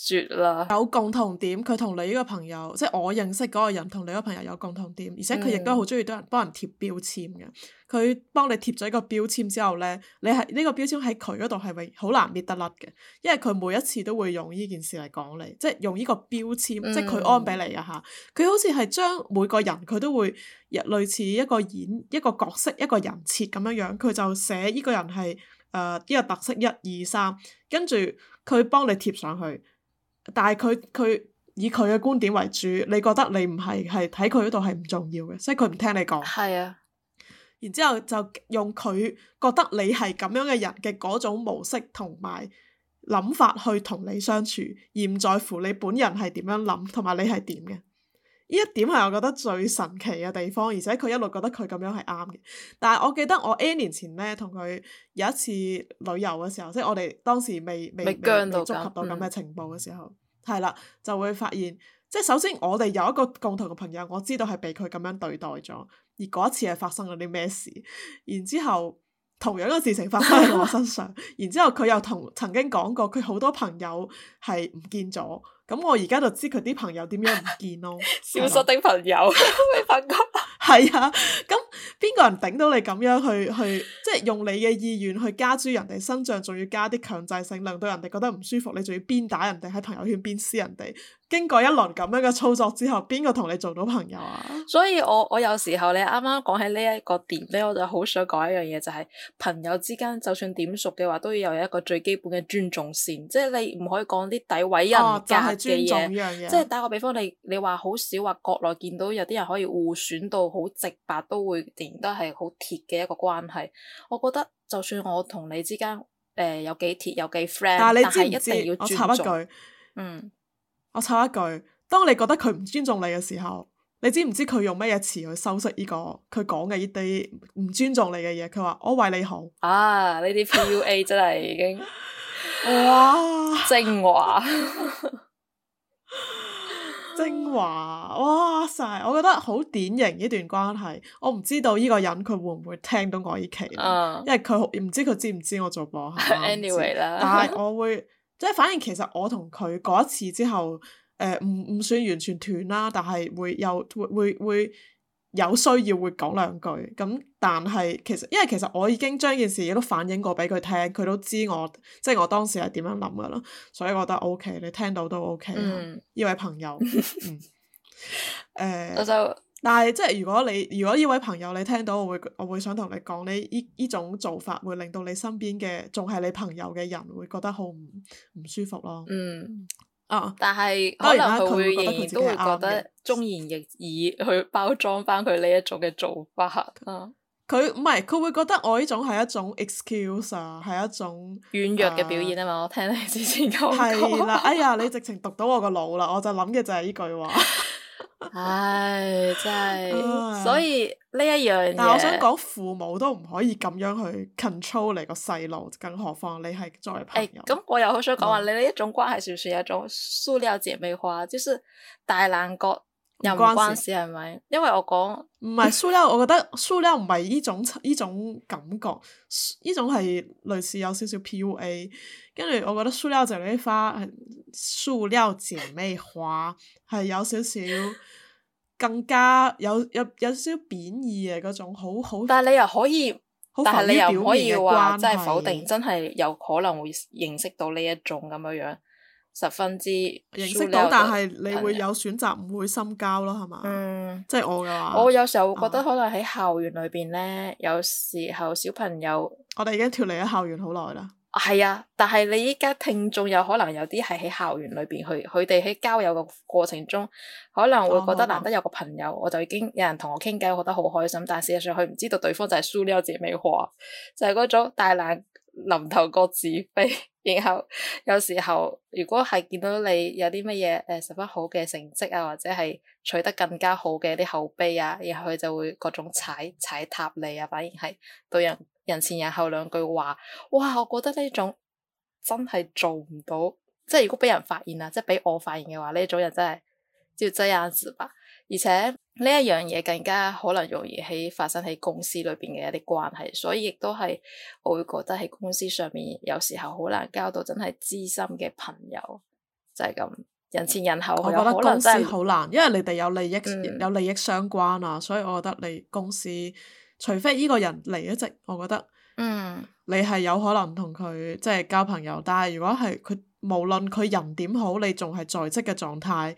絕啦！有共同點，佢同你呢個朋友，即係我認識嗰個人，同你嗰朋友有共同點，而且佢亦都好中意多人幫人貼標籤嘅。佢、嗯、幫你貼咗一個標籤之後咧，你係呢、呢個標籤喺佢嗰度係咪好難搣得甩嘅？因為佢每一次都會用呢件事嚟講你，即係用呢個標籤，嗯、即係佢安俾你嘅吓。佢好似係將每個人佢都會日類似一個演一個角色一個人設咁樣樣，佢就寫呢個人係誒呢個特色一二三，跟住佢幫你貼上去。但係佢佢以佢嘅觀點為主，你覺得你唔係係喺佢嗰度係唔重要嘅，所以佢唔聽你講。係啊的，然之後就用佢覺得你係咁樣嘅人嘅嗰種模式同埋諗法去同你相處，而唔在乎你本人係點樣諗，同埋你係點嘅。呢一點係我覺得最神奇嘅地方，而且佢一路覺得佢咁樣係啱嘅。但係我記得我 N 年前呢，同佢有一次旅遊嘅時候，即係我哋當時未未未觸及到咁嘅情報嘅時候，係啦、嗯，就會發現，即係首先我哋有一個共同嘅朋友，我知道係被佢咁樣對待咗，而嗰一次係發生咗啲咩事，然之後同樣嘅事情發生喺我身上， 然之後佢又同曾經講過佢好多朋友係唔見咗。咁我而家就知佢啲朋友點樣唔見咯，消失 的朋友，朋友係啊，咁邊個人頂到你咁樣去去，即係用你嘅意願去加諸人哋身上，仲要加啲強制性，令到人哋覺得唔舒服，你仲要鞭打人哋喺朋友圈鞭屍人哋。經過一輪咁樣嘅操作之後，邊個同你做到朋友啊？所以我我有時候咧，啱啱講起呢一個點咧，我就好想講一樣嘢，就係、是、朋友之間就算點熟嘅話，都要有一個最基本嘅尊重線，即係你唔可以講啲詆毀人格嘅嘢。哦，就係、是、尊重呢樣嘢。即係打個比方，你你話好少話國內見到有啲人可以互損到好直白，都會仍然都係好鐵嘅一個關係。我覺得就算我同你之間誒、呃、有幾鐵有幾 friend，但你係一定要尊重。嗯。我插一句，當你覺得佢唔尊重你嘅時候，你知唔知佢用咩嘢詞去修飾呢個佢講嘅呢啲唔尊重你嘅嘢？佢話我為你好啊！呢啲 PUA 真係已經哇 精華 精華哇晒！我覺得好典型呢段關係。我唔知道呢個人佢會唔會聽到我呢期，嗯、因為佢唔知佢知唔知我做播客。Anyway 啦、啊，但係我會。 即係反而其實我同佢嗰一次之後，誒唔唔算完全斷啦，但係會又會會會有需要會講兩句咁。但係其實因為其實我已經將件事亦都反映過俾佢聽，佢都知我即係我當時係點樣諗噶啦，所以我覺得 OK，你聽到都 OK，呢位朋友， 嗯，誒、呃。我就。但係即係如果你如果呢位朋友你聽到我會我會想同你講呢呢呢種做法會令到你身邊嘅仲係你朋友嘅人會覺得好唔唔舒服咯。嗯、啊、但係可能佢會亦都會覺得忠言逆耳去包裝翻佢呢一種嘅做法。佢唔係佢會覺得我呢種係一種 excuse 啊，係一種軟弱嘅表現啊嘛。啊我聽你之前講係啦，哎呀，你直情讀到我個腦啦，我就諗嘅就係呢句話。 唉，真係，uh, 所以呢一樣，但係我想講，父母都唔可以咁樣去 control 你個細路，更何況你係作為朋友。咁我又好想講話，嗯、你呢一種關係算唔算一種塑料姐妹花？即、就是大冷角。又唔關事係咪？因為我講唔係塑料， 我覺得塑料唔係呢種呢種感覺，呢種係類似有少少 P.U.A。跟住我覺得塑料就呢花，塑料姐妹花係 有少少更加有有有，有少少貶義嘅嗰種，好好。但係你又可以，好快，你又可以話真係否定，真係有可能會認識到呢一種咁樣樣。十分之認識到，但係你會有選擇唔會深交咯，係嘛？嗯，即係我噶。我有時候會覺得可能喺校園裏邊咧，啊、有時候小朋友我哋已經調離咗校園好耐啦。係啊，但係你依家聽眾有可能有啲係喺校園裏邊，去，佢哋喺交友嘅過程中，可能會覺得難得有個朋友，哦、我就已經有人同我傾偈、嗯，我覺得好開心。但事實上佢唔知道對方就係塑料姐妹花，就係、是、嗰種大難臨頭各自飛。然後有時候如果係見到你有啲乜嘢誒十分好嘅成績啊或者係取得更加好嘅啲口碑啊然後佢就會各種踩踩踏你啊反而係對人人前人後兩句話哇我覺得呢種真係做唔到即係如果俾人發現啊即係俾我發現嘅話呢種人真係要睜眼屎吧而且。呢一樣嘢更加可能容易喺發生喺公司裏邊嘅一啲關係，所以亦都係我會覺得喺公司上面有時候好難交到真係知心嘅朋友，就係、是、咁人前人後我。我覺得公司好難，因為你哋有利益、嗯、有利益相關啊，所以我覺得你公司除非呢個人離咗職，我覺得嗯你係有可能同佢即係交朋友，但係如果係佢無論佢人點好，你仲係在職嘅狀態。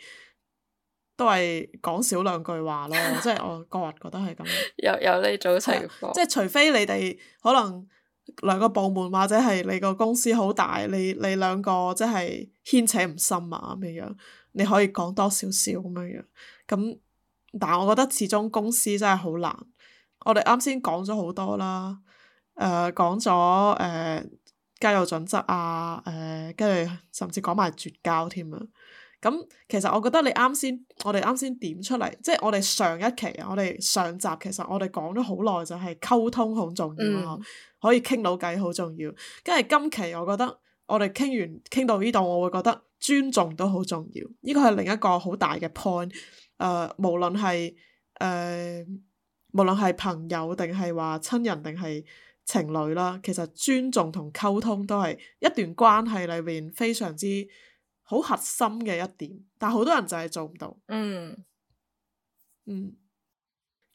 都係講少兩句話咯， 即係我個人覺得係咁。由 有呢種情況、啊，即係除非你哋可能兩個部門或者係你個公司好大，你你兩個即係牽扯唔深啊咁樣樣，你可以講多少少咁樣樣。咁但係我覺得始終公司真係好難。我哋啱先講咗好多啦，誒、呃，講咗誒交友準則啊，誒、呃，跟住甚至講埋絕交添啊。咁其實我覺得你啱先，我哋啱先點出嚟，即係我哋上一期、我哋上集其實我哋講咗好耐，就係溝通好重要，嗯、可以傾到偈好重要。跟住今期我覺得，我哋傾完傾到呢度，我會覺得尊重都好重要。呢個係另一個好大嘅 point。誒、呃，無論係誒、呃，無論係朋友定係話親人定係情侶啦，其實尊重同溝通都係一段關係裏面非常之好核心嘅一點，但好多人就係做唔到。嗯，嗯，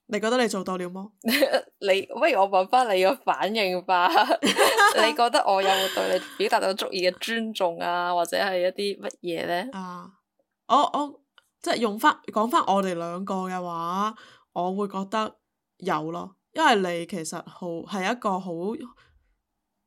你覺得你做到了麼？ 你不如我問翻你個反應吧。 你覺得我有冇對你表達到足以嘅尊重啊？或者係一啲乜嘢呢？啊，我我即係用翻講翻我哋兩個嘅話，我會覺得有咯，因為你其實好係一個好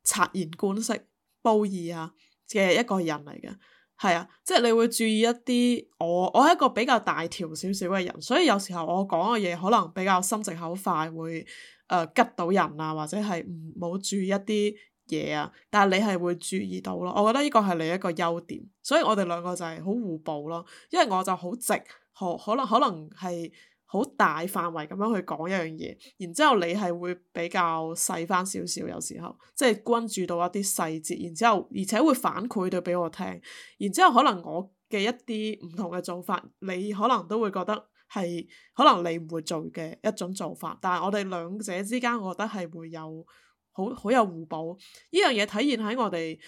察言觀色、褒義啊嘅一個人嚟嘅。係啊，即係你會注意一啲我，我係一個比較大條少少嘅人，所以有時候我講嘅嘢可能比較心直口快會，會誒拮到人啊，或者係唔冇注意一啲嘢啊。但係你係會注意到咯，我覺得呢個係你一個優點，所以我哋兩個就係好互補咯。因為我就好直，可可能可能係。好大範圍咁樣去講一樣嘢，然之後你係會比較細翻少少，有時候即係關注到一啲細節，然之後而且會反饋到俾我聽，然之後可能我嘅一啲唔同嘅做法，你可能都會覺得係可能你唔會做嘅一種做法，但係我哋兩者之間，我覺得係會有好好有互補，呢樣嘢體現喺我哋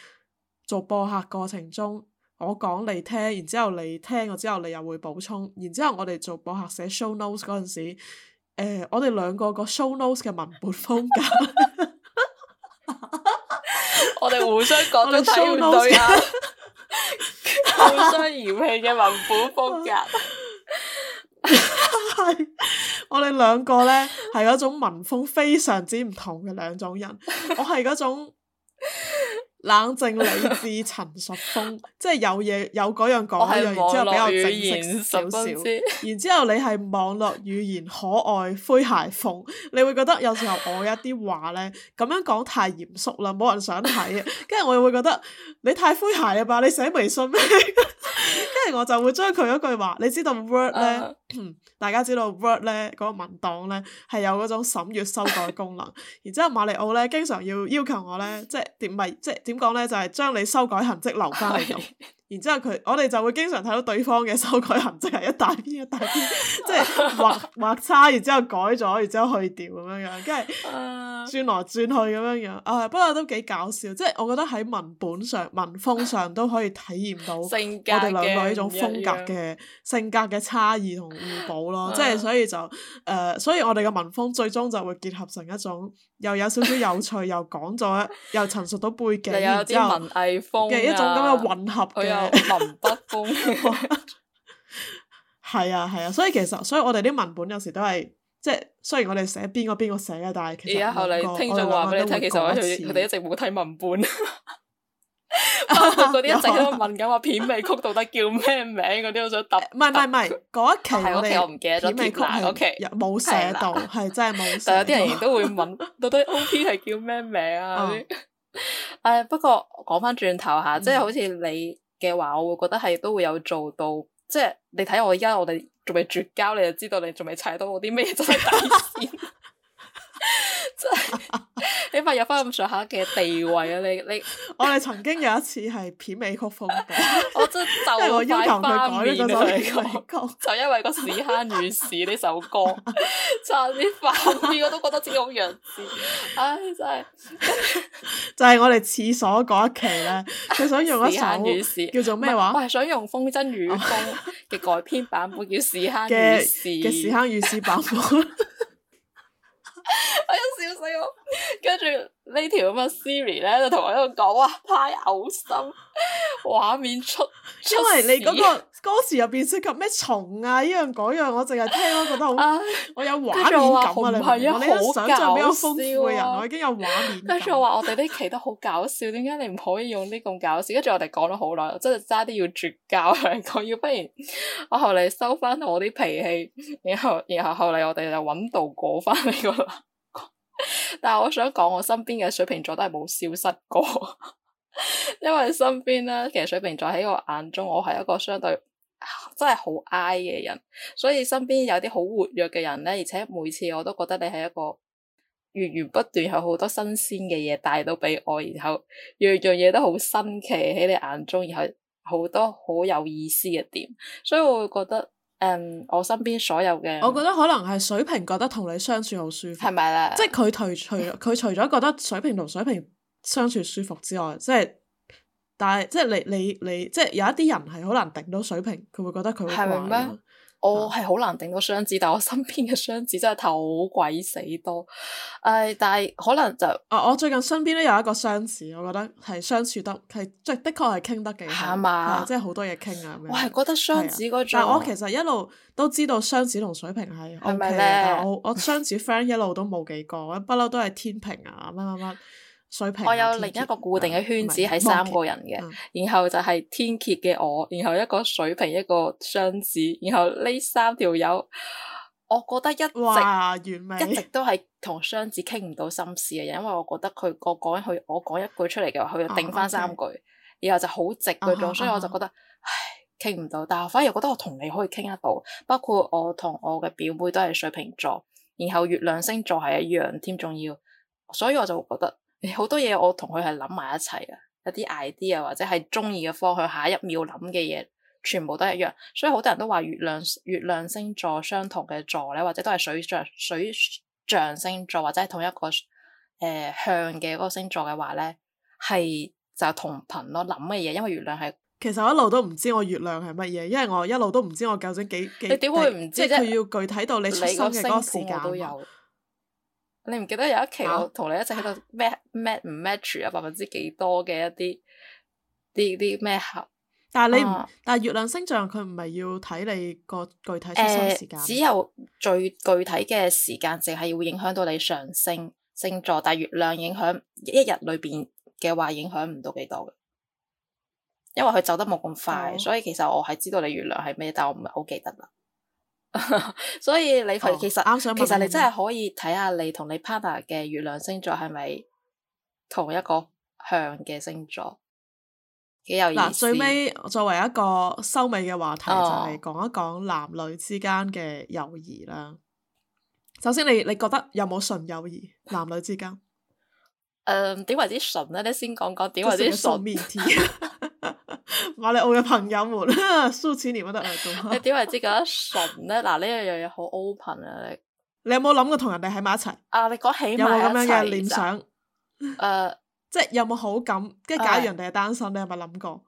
做播客過程中。我講你聽，然之後你聽咗之後你又會補充，然之後我哋做播客寫 show notes 嗰陣時，誒、呃，我哋兩個個 show notes 嘅文本風格， 我哋互相講咗睇唔對啊， 互相嫌棄嘅文本風格，係 我哋兩個咧係嗰種文風非常之唔同嘅兩種人，我係嗰種。冷靜理智陳述風， 即係有嘢有嗰樣講嗰樣，然之後比較正式少少。 然之後你係網絡語言可愛詼諧風，你會覺得有時候我一啲話呢，咁樣講太嚴肅啦，冇人想睇。跟住 我又會覺得你太詼諧啦吧？你寫微信咩？跟 住我就會將佢一句話，你知道 Word 呢？」uh, 大家知道 Word 咧嗰、那個文檔咧係有嗰種審閱修改功能， 然之後馬利奧咧經常要要求我咧，即係點咪即係點講咧，就係、是、將你修改痕跡留翻嚟用。 然之後佢，我哋就會經常睇到對方嘅修改痕跡係一大篇一大篇， 即係畫畫差，然之後改咗，然之後去掉咁樣樣，跟住、 啊、轉來轉去咁樣樣。啊，不過都幾搞笑，即係我覺得喺文本上、文風上都可以體驗到我哋兩個呢種風格嘅性格嘅差異同互補咯，即係所以就誒、呃，所以我哋嘅文風最終就會結合成一種。又有少少有趣，又講咗，又陳述到背景，然之後文藝風嘅一種咁嘅混合嘅，文筆風，係啊係啊，所以其實，所以我哋啲文本有時都係，即係雖然我哋寫邊個邊個寫啊，但係其實在，而家後嚟聽咗話俾你聽，其實佢佢哋一直冇睇文本。 嗰啲、 啊、 一直喺度問緊話片尾曲到底叫咩名？嗰啲好想答。唔係唔係唔係嗰一期，我哋我唔記得咗。片尾曲嗰期冇寫到，係 真係冇寫。 但有啲人亦都會問到底 OP 係叫咩名啊？嗰啲。誒，不過講翻轉頭吓，即係、就是、好似你嘅話，我會覺得係都會有做到，即、就、係、是、你睇我而家，我哋仲未絕交，你就知道你仲未踩到我啲咩真係底線。 即係起碼有翻咁上下嘅地位啊！你你我哋曾經有一次係片尾曲風嘅，我真係就要求佢改嗰首歌。就因為個屎坑雨屎呢首歌，差啲反面，我都覺得自己好弱智。唉，真係就係我哋廁所嗰一期咧，佢想用一首叫做咩話？我係想用風箏雨風嘅改編版本，叫屎坑雨屎嘅屎坑雨屎版本。我笑死我！ 條跟住呢條乜 Siri 咧就同我喺度講啊，太嘔心，畫面出，出因為你嗰個歌詞入邊涉及咩蟲啊，依樣嗰樣，我淨係聽我覺得好， 我有畫面感啊，啊我你明我呢個想象比較豐富嘅人，啊、我已經有畫面。跟住我話我哋啲期得好搞笑，點解你唔可以用呢咁搞笑？跟住 我哋講咗好耐，真係差啲要絕交嚟講，要不然我後嚟收翻我啲脾氣，然後然後，然後後嚟我哋就搵道過翻呢個。但係我想講，我身邊嘅水瓶座都係冇消失過， 因為身邊咧，其實水瓶座喺我眼中，我係一個相對真係好 I 嘅人，所以身邊有啲好活躍嘅人咧，而且每次我都覺得你係一個源源不斷有好多新鮮嘅嘢帶到俾我，然後樣樣嘢都好新奇喺你眼中，然後好多好有意思嘅點，所以我會覺得。我身邊所有嘅，我覺得可能係水瓶覺得同你相處好舒服，係咪啦？即係佢除除佢除咗覺得水瓶同水瓶相處舒服之外，即係，但係即係你你你，即係有一啲人係好難頂到水瓶，佢會覺得佢怪。是我係好難頂個雙子，但係我身邊嘅雙子真係頭鬼死多。誒、uh，但係可能就啊，我最近身邊咧有一個雙子，我覺得係相處得係即係的確係傾得幾好嗎、嗯，即係好多嘢傾啊。我係覺得雙子嗰、啊，但我其實一路都知道雙子同水瓶係 O K 我我雙子 friend 一路都冇幾個，不嬲 都係天平啊，乜乜乜。水瓶我有另一個固定嘅圈子係三個人嘅，okay. mm. 然後就係天蠍嘅我，然後一個水瓶，一個雙子，然後呢三條友，我覺得一直完一直都係同雙子傾唔到心事嘅，因為我覺得佢我講佢我講一句出嚟嘅話，佢就頂翻三句，uh huh. 然後就好直嗰種，uh huh. 所以我就覺得唉傾唔到。但係我反而覺得我同你可以傾得到，包括我同我嘅表妹都係水瓶座，然後月亮星座係一樣添，仲要，所以我就覺得。好多嘢我同佢係諗埋一齊啊，有啲 idea 或者係中意嘅方向，佢下一秒諗嘅嘢全部都一樣，所以好多人都話月亮月亮星座相同嘅座咧，或者都係水象水象星座或者係同一個誒、呃、向，嘅嗰個星座嘅話咧，係就同頻咯諗嘅嘢，因為月亮係其實我一路都唔知我月亮係乜嘢，因為我一路都唔知我究竟幾幾。你點會唔知即係佢、啊、要具體到你出生嘅嗰個時間。你唔記得有一期我同你一齊喺度 m a t match 唔 match 住啊？百分之幾多嘅一啲啲啲咩合？但係你唔但係月亮星座，佢唔係要睇你個具體出生時間、呃，只有最具體嘅時間，淨係會影響到你上升星座。但係月亮影響一,一日裏邊嘅話，影響唔到幾多嘅，因為佢走得冇咁快。嗯、所以其實我係知道你月亮係咩，但我唔係好記得啦。 所以你佢、哦、其實啱想問，其實你真係可以睇下你同你 partner 嘅月亮星座係咪同一個向嘅星座，幾有意思、啊。最尾作為一個收尾嘅話題，哦、就係講一講男女之間嘅友誼啦。首先，你你覺得有冇純友誼男女之間？ 嗯，點為之純咧？你先講講點為之純。 瑪利奧嘅朋友們，蘇子蓮都得。你點為之覺得純咧？嗱，呢樣嘢好 open 啊！你你有冇諗過同人哋喺埋一齊？啊，你講起有冇咁樣嘅念想？誒，即係有冇好感？即係假如人哋係單身，你有冇諗過？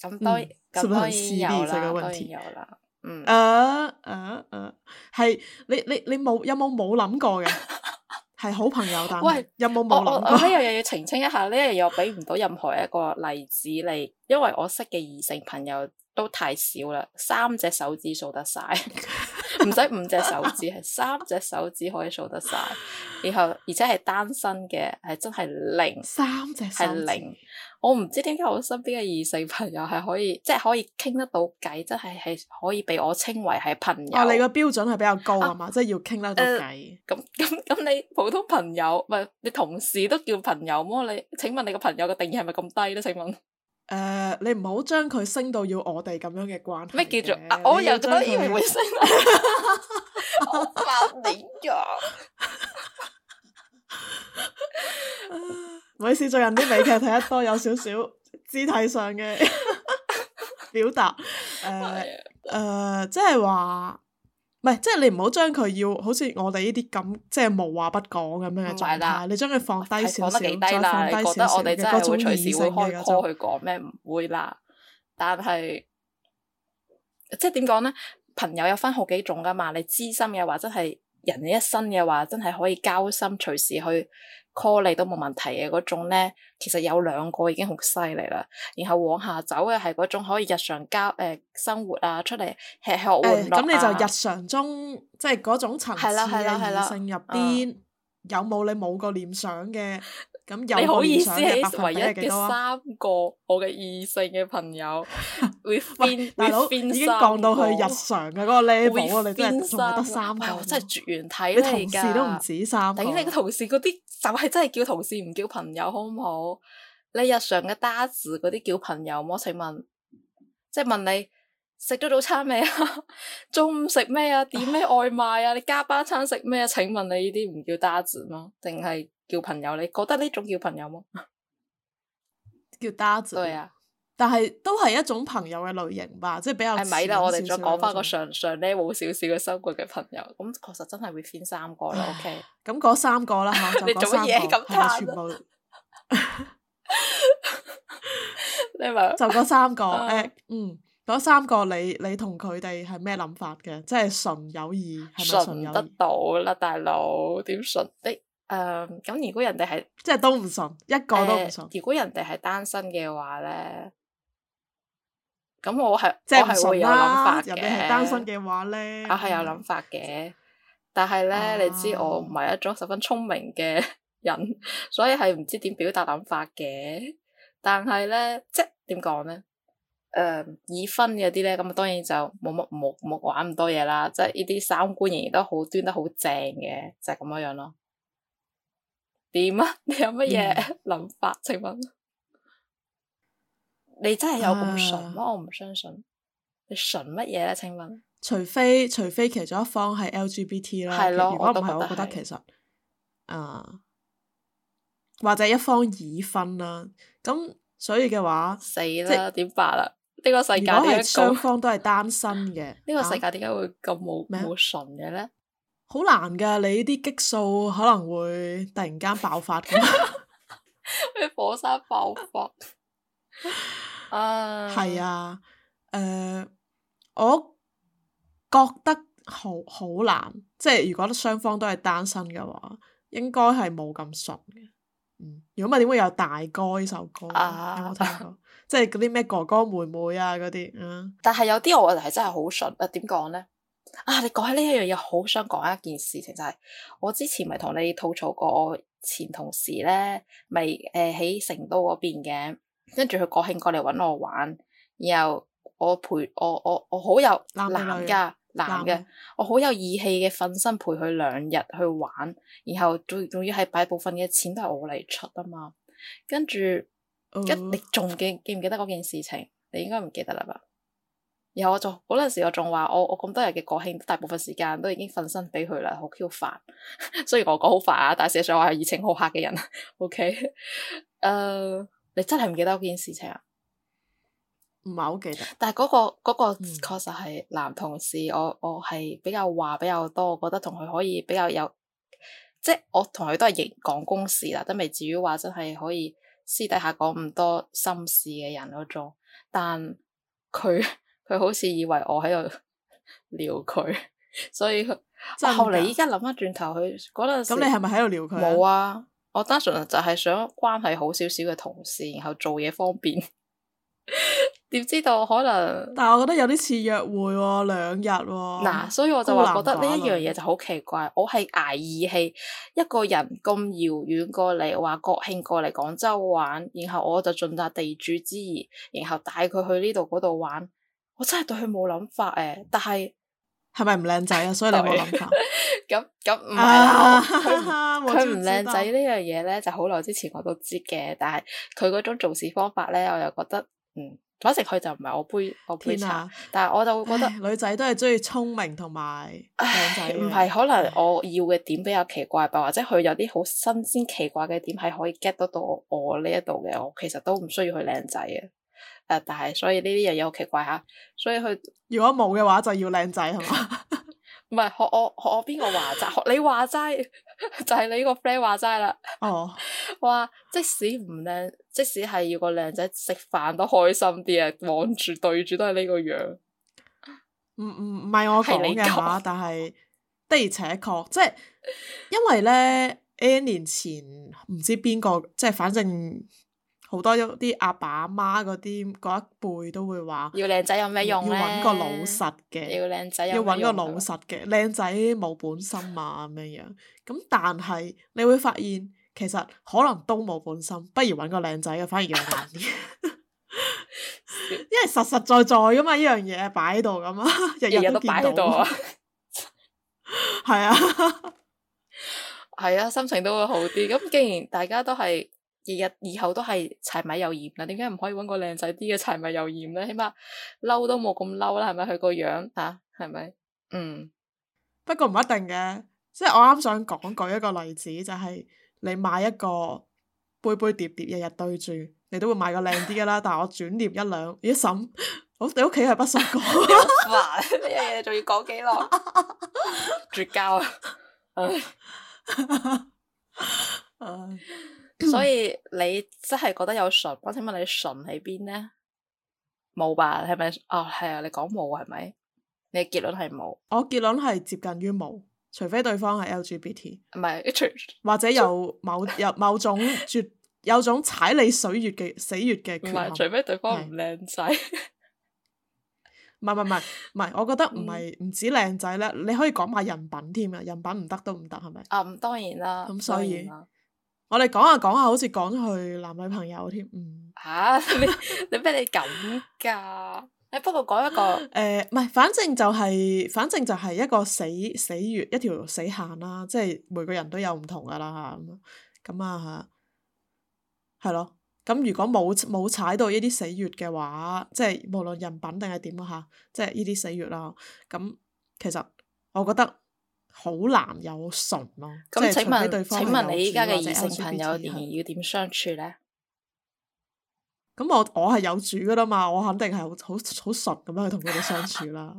咁當然，咁都係有啦。嗯，啊啊啊，係你你你冇有冇冇諗過嘅？係好朋友，但喂有冇冇諗到？我呢樣嘢要澄清一下，呢樣嘢我俾唔到任何一個例子你，因為我識嘅異性朋友都太少啦，三隻手指數得晒。 唔使 五隻手指，係三隻手指可以數得晒。然後而且係單身嘅，係真係零三隻手零。我唔知點解我身邊嘅異性朋友係可以，即係可以傾得到偈，真係係可以被我稱為係朋友。啊、你個標準係比較高啊嘛，即係要傾得到偈。咁咁咁，你普通朋友唔係你同事都叫朋友麼？你請問你個朋友嘅定義係咪咁低咧？請問？誒，你唔、uh, 好將佢升到要我哋咁樣嘅關係。咩叫做？我又點解會升？我爆你呀！每次最近啲美劇睇得多，有少少肢體上嘅表達。誒、uh, 誒、uh，即係話。唔係，即係你唔好將佢要好似我哋呢啲咁，即係無話不講咁樣嘅狀態。你將佢放低少少，放得再放低少少，你覺得我哋真係會隨時會開 call 去講咩？唔會啦。但係即係點講咧？朋友有分好幾種㗎嘛。你知心嘅話真，真係人一生嘅話，真係可以交心，隨時去 call 你都冇問題嘅嗰種咧，其實有兩個已經好犀利啦。然後往下走嘅係嗰種可以日常交誒、呃、生活啊出嚟吃喝玩樂啊。咁、欸、你就日常中即係嗰種層次嘅異性入邊，有冇你冇個念想嘅？咁有念想嘅百分比係幾多？三個我嘅異性嘅朋友會變，你變三。with 大佬哥已經降到去日常嘅嗰 個 level 啊！你真係仲得三個。我真係絕緣體啦！同事都唔止三個。等你個同事嗰啲，就係真係叫同事唔叫朋友好唔好？你日常嘅搭子嗰啲叫朋友，我請問，即係問你。食咗早餐未啊？中午食咩啊？點咩外賣啊？你加班餐食咩啊？請問你呢啲唔叫 darling 定係叫朋友？你覺得呢種叫朋友冇？叫 darling 對啊吧。但係都係一種朋友嘅類型吧，即係比較。咪啦、啊，少我哋再講翻個上上 level 少少嘅三個嘅朋友，咁確實真係會偏三個咯。OK，咁講三個啦吓， 你做乜嘢咁全部。 你咪就嗰三個誒，嗯。 uh, 嗰三個你你同佢哋係咩諗法嘅？即係純友誼，係咪純友誼？純得到啦，大佬點純得？誒，咁、嗯、如果人哋係即係都唔純，一個都唔純、呃。如果人哋係單身嘅話咧，咁我係即係會有諗法嘅。人哋係單身嘅話咧，啊係有諗法嘅。但係咧，你知我唔係一種十分聰明嘅人，所以係唔知點表達諗法嘅。但係咧，即係點講咧？誒，已、uh, 婚嗰啲咧，咁啊當然就冇乜冇冇玩咁多嘢啦，即係呢啲三觀仍然都好端得好正嘅，就係、是、咁樣樣咯。點啊？你有乜嘢諗法？嗯、 請問你真係有咁純嗎？啊、我唔相信。你純乜嘢咧？請問？除非除非其中一方係 LGBT 啦，的如果唔係，我覺，我覺得其實誒、呃，或者一方已婚啦，咁所以嘅話，死啦，點辦啊？呢，如果係雙方都係單身嘅？呢個世界點解 會咁冇咩好純嘅呢？好難噶，你啲激素可能會突然間爆發嘅，咩火山爆發？ uh, 啊，係啊，誒，我覺得好好難，即係如果雙方都係單身嘅話，應該係冇咁純嘅。如果唔係，點會有大哥呢首歌？Uh, 有冇聽過？ 即係嗰啲咩哥哥妹妹啊嗰啲，嗯。但係有啲我就係真係好順，點講咧？啊，你講起呢一樣嘢，好想講一件事情其實就係，我之前咪同你吐槽過，我前同事咧，咪誒喺成都嗰邊嘅，跟住佢國慶過嚟搵我玩，然後我陪我我我好有男噶男嘅，我好有義氣嘅瞓身陪佢兩日去玩，然後仲仲要係擺部分嘅錢都係我嚟出啊嘛，跟住。跟你仲記記唔記得嗰件事情？你應該唔記得啦吧。然後我仲嗰陣時我，我仲話我我咁多日嘅國慶，大部分時間都已經瞓身俾佢啦，好 Q 煩。 雖然我講好煩啊，但事實上我係熱情好客嘅人。O K，誒，你真係唔記得嗰件事情啊？唔係好記得。但係嗰、嗰個嗰、嗰個確實係男同事，嗯、我我係比較話比較多，我覺得同佢可以比較有，即、就、係、是、我同佢都係講公事啦，都未至於話真係可以。私底下講唔多心事嘅人嗰種，但佢佢好似以為我喺度撩佢，所以後嚟依家諗翻轉頭，佢嗰陣時咁。你係咪喺度撩佢？冇啊，我單純就係想關係好少少嘅同事，然後做嘢方便。 點知道可能？但係我覺得有啲似約會喎、哦，兩日喎。嗱、啊，所以我就覺得呢一樣嘢就好奇怪。我係捱義氣，一個人咁遙遠過嚟，話國慶過嚟廣州玩，然後我就盡責地主之誼，然後帶佢去呢度嗰度玩。我真係對佢冇諗法誒，但係係咪唔靚仔啊？ 所以你冇諗法。咁咁唔係啊，佢唔靚仔呢樣嘢咧，就好耐之前我都知嘅，但係佢嗰種做事方法咧，我又覺得嗯。攞食佢就唔係我杯我杯茶，啊、但係我就會覺得女仔都係中意聰明同埋靚仔。唔係可能我要嘅點比較奇怪吧？唉或者佢有啲好新鮮奇怪嘅點係可以 get 得到我呢一度嘅，我其實都唔需要佢靚仔嘅。誒、啊，但係所以呢啲人好奇怪吓，所以佢如果冇嘅話就要靚仔係嘛？唔係學我學我邊個話齋？學 你話齋？ 就係你呢個 friend 話齋啦，oh. 哇！即使唔靚，即使係要個靚仔食飯都開心啲啊，望住對住都係呢個樣，唔唔唔係我講嘅話，但係是 的而且確，即係因為咧 N 年前唔知邊個，即係反正。好多啲阿爸阿媽嗰啲嗰一輩都會話要靚仔有咩用？要揾個老實嘅，要靚仔，要揾個老實嘅靚仔冇本心啊咁樣樣。咁但係你會發現其實可能都冇本心，不如揾個靚仔嘅反而要難啲， 因為實實在在噶嘛，呢樣嘢擺喺度咁啊，日日都擺喺度啊。係啊，係啊，心情都會好啲。咁既然大家都係。日以後都係柴米油鹽啦，點解唔可以揾個靚仔啲嘅柴米油鹽呢？起碼嬲都冇咁嬲啦，係咪？佢個樣嚇係咪？嗯。不過唔一定嘅，即係我啱想講舉一個例子，就係你買一個杯杯碟碟日日對住，你都會買個靚啲嘅啦。但係我轉念一兩，咦嬸，我你屋企係不銹鋼，呢樣嘢你仲要講幾耐？絕交啊！ 所以你真係覺得有純？我請問你純喺邊呢？冇吧？係咪？哦，係啊，你講冇係咪？你結論係冇？我結論係接近於冇，除非對方係 LGBT，唔係，除或者有某有某，有某種絕有種踩你水月嘅死穴嘅。唔係，除非對方唔靚仔。唔係唔係唔係，我覺得唔係唔止靚仔咧，你可以講埋人品添啊，人品唔得都唔得，係咪？嗯，當然啦。咁所以。我哋講下講下，好似講佢男女朋友添，嗯吓，你你咩你咁噶？誒、 呃，不過講一個誒，唔係，反正就係、是，反正就係一個死死穴，一條死線啦，即係每個人都有唔同噶啦，咁咁啊，係咯。咁如果冇冇踩到呢啲死穴嘅話，即係無論人品定係點啊吓，即係呢啲死穴啦。咁其實我覺得。好男友蠢咯，即係，請問，除非對方要異性朋友或者相處呢。咁我我係有主噶啦嘛，我肯定係好好好純咁樣去同佢哋相處啦。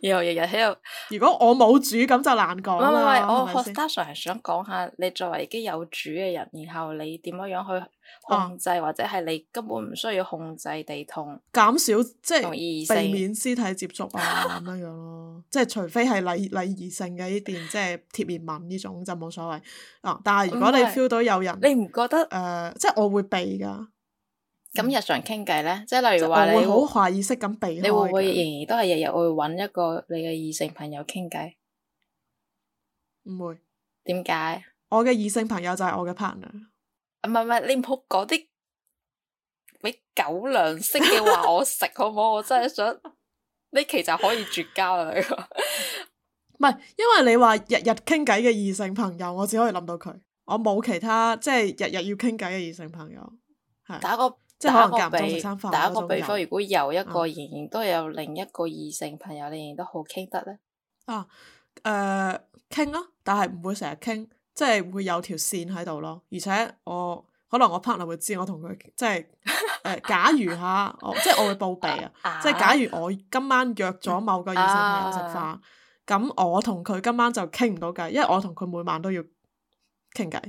然後日日喺度，如果我冇主，咁就難講啦。嗎我確實係想講下，你作為已經有主嘅人，然後你點樣樣去控制，啊、或者係你根本唔需要控制地痛，減少即係避免肢體接觸啊，咁樣樣咯。即係除非係禮禮儀性嘅呢邊，即係貼面吻呢種就冇所謂。啊，但係如果你 feel 到有人，你唔覺得誒，即係我會避噶。咁、嗯、日常傾偈呢，即係例如話你，你會好下意識咁避開，你會唔會仍然都係日日會揾一個你嘅異性朋友傾偈？唔會。點解？我嘅異性朋友就係我嘅 partner。唔係唔係，你唔好講啲俾狗糧食嘅話我食 好唔好？我真係想呢期就可以絕交啦。唔係，因為你話日日傾偈嘅異性朋友，我只可以諗到佢，我冇其他即係、就是、日，日日要傾偈嘅異性朋友。係。打個。即係可能間唔中食餐飯，打個比打個比方，如果有一個仍然都有另一個異性朋友，嗯、你仍然都好傾得咧。啊，誒傾咯，但係唔會成日傾，即係會有條線喺度咯。而且我可能我 partner 會知我同佢，即係誒、呃、假如嚇、啊， 即係我會報備啊。 即係假如我今晚約咗某個異性朋友食飯，咁、啊、我同佢今晚就傾唔到偈，因為我同佢每晚都要傾偈。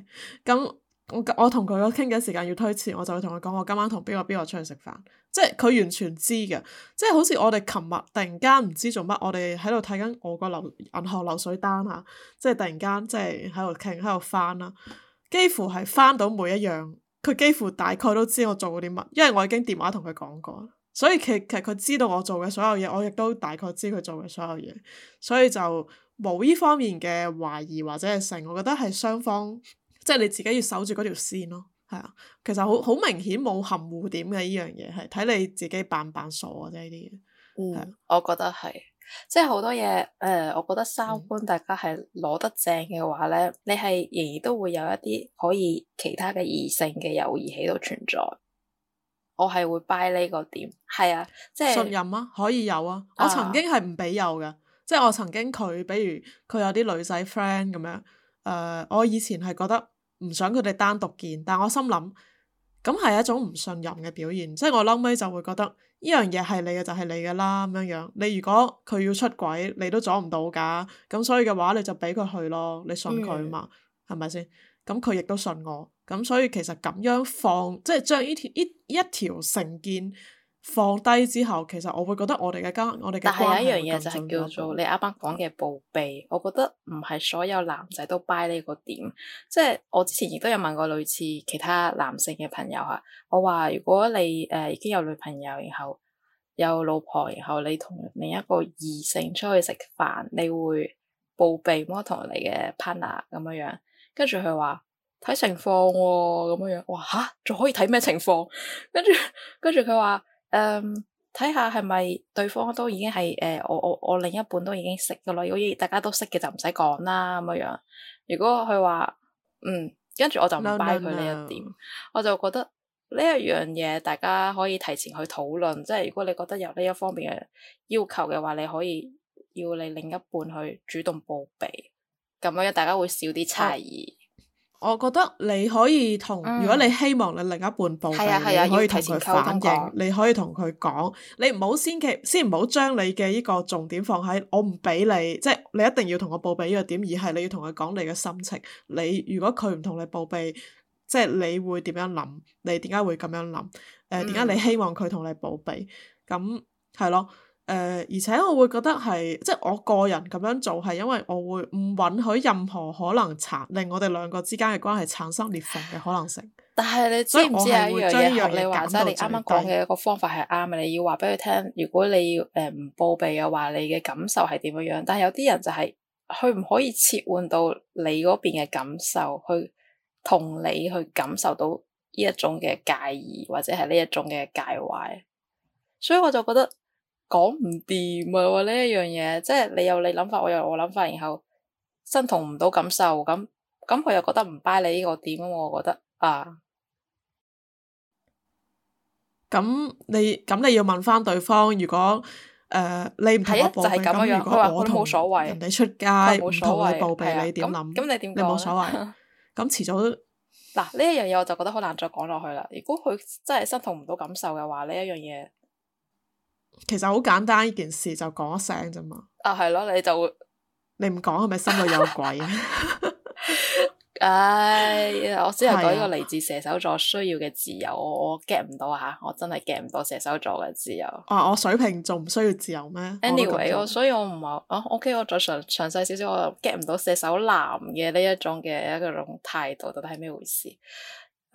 咁我我同佢嘅傾偈時間要推遲，我就會同佢講：我今晚同邊個邊個出去食飯。即係佢完全知嘅，即係好似我哋琴日突然間唔知做乜，我哋喺度睇緊我個流銀行流水單嚇，即係突然間即係喺度傾喺度翻啦，幾乎係翻到每一樣，佢幾乎大概都知我做過啲乜，因為我已經電話同佢講過，所以其其實佢知道我做嘅所有嘢，我亦都大概知佢做嘅所有嘢，所以就冇依方面嘅懷疑或者係成，我覺得係雙方。即係你自己要守住嗰條線咯，係啊，其實好好明顯冇含糊點嘅呢樣嘢，係睇你自己扮唔扮傻啊，即係呢啲嘢。嗯，我覺得係，即係好多嘢，誒、呃，我覺得三觀大家係攞得正嘅話咧，嗯、你係仍然都會有一啲可以其他嘅異性嘅友誼喺度存在。我係會 buy 呢個點，係啊，即係信任啊，可以有啊。啊我曾經係唔俾有噶，即係我曾經佢，比如佢有啲女仔 friend 咁樣，誒、呃，我以前係覺得。唔想佢哋單獨見，但我心諗咁係一種唔信任嘅表現，即係我嬲尾就會覺得呢樣嘢係你嘅就係你嘅啦咁樣樣。你如果佢要出軌，你都阻唔到噶，咁所以嘅話你就俾佢去咯，你信佢嘛，係咪先？咁佢亦都信我，咁所以其實咁樣放即係將呢條呢一條成見，放低之後，其實我會覺得我哋嘅家，我哋嘅關係更重要。但係有一樣嘢就係叫做你啱啱講嘅報備，嗯、我覺得唔係所有男仔都 buy 呢個點。即、就、係、是、我之前亦都有問過類似其他男性嘅朋友吓，我話如果你誒、呃、已經有女朋友，然後有老婆，然後你同另一個異性出去食飯，你會報備咩同你嘅 partner 咁樣樣？跟住佢話睇情況咁、哦、樣樣，哇吓，仲、啊、可以睇咩情況？跟住跟住佢話。嗯，睇下係咪對方都已經係誒、呃，我我我另一半都已經識嘅啦。如果大家都識嘅就唔使講啦咁嘅樣。如果佢話嗯，跟住我就唔拜佢呢一點，no, no, no。我就覺得呢一樣嘢大家可以提前去討論。即係如果你覺得有呢一方面嘅要求嘅話，你可以要你另一半去主動報備，咁樣大家會少啲猜疑。啊我覺得你可以同，嗯、如果你希望你另一半報備，啊啊、你可以同佢反應，你可以同佢講，你唔好先，先唔好將你嘅依個重點放喺我唔俾你，即係你一定要同我報備呢個點，而係你要同佢講你嘅心情。你如果佢唔同你報備，即係你會點樣諗？你點解會咁樣諗？誒、呃，點解你希望佢同你報備？咁係咯。誒、呃，而且我會覺得係，即係我個人咁樣做係，因為我會唔允許任何可能產令我哋兩個之間嘅關係產生裂縫嘅可能性。但係你知唔知有一樣嘢係你話齋，你啱啱講嘅一個方法係啱嘅，你要話俾佢聽，如果你要誒唔報備嘅話，你嘅感受係點樣樣？但係有啲人就係佢唔可以切換到你嗰邊嘅感受，去同你去感受到呢一種嘅介意，或者係呢一種嘅介懷。所以我就覺得。講唔掂啊！呢一樣嘢，即係你有你諗法，我有我諗法，然後身同唔到感受，咁咁佢又覺得唔 buy 你呢個點啊？我覺得啊，咁你咁你要問翻對方，如果誒你唔係我博佢咁，如果我冇同人哋出街冇所你報你點諗？咁你點？你冇所謂。咁遲早嗱呢一樣嘢，我就覺得好難再講落去啦。如果佢真係身同唔到感受嘅話，呢一樣嘢。其實好簡單，呢件事就講一聲啫嘛。啊，係咯，你就你唔講係咪心裏有鬼？唉，我只係講一個嚟自射手座需要嘅自由，啊、我我 get 唔到吓，我真係 get 唔到射手座嘅自由。啊，我，啊我水瓶仲唔需要自由咩？Anyway，我所以我唔係啊，OK，我再詳詳細少少，我又 get 唔到射手男嘅呢一種嘅一種態度到底係咩回事？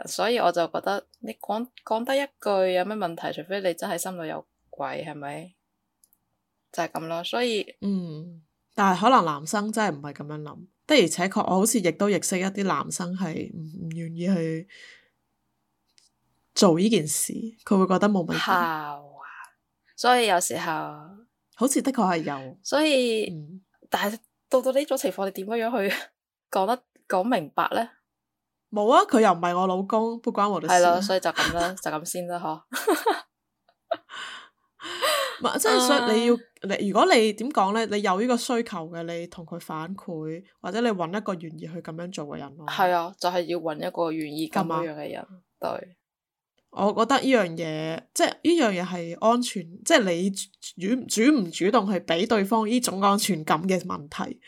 所以我就覺得你講講得一句有咩問題，除非你真係心裏有。貴係咪就係咁咯？所以嗯，但係可能男生真係唔係咁樣諗，的而且確我好似亦都認識一啲男生係唔唔願意去做呢件事，佢會覺得冇問題哈哈。所以有時候好似的確係有，所以、嗯、但係到到呢種情況，你點樣樣去講 得講明白呢？冇啊，佢又唔係我老公，不關我哋事。係咯，所以就咁啦， 就咁先啦，嗬。 即係，所以、uh，你要你，如果你點講咧，你有呢個需求嘅，你同佢反饋，或者你揾一個願意去咁樣做嘅人咯。係啊，就係、是、要揾一個願意咁樣嘅人。嗎對，我覺得呢樣嘢，即係呢樣嘢係安全，即係你主主唔主動去俾對方呢種安全感嘅問題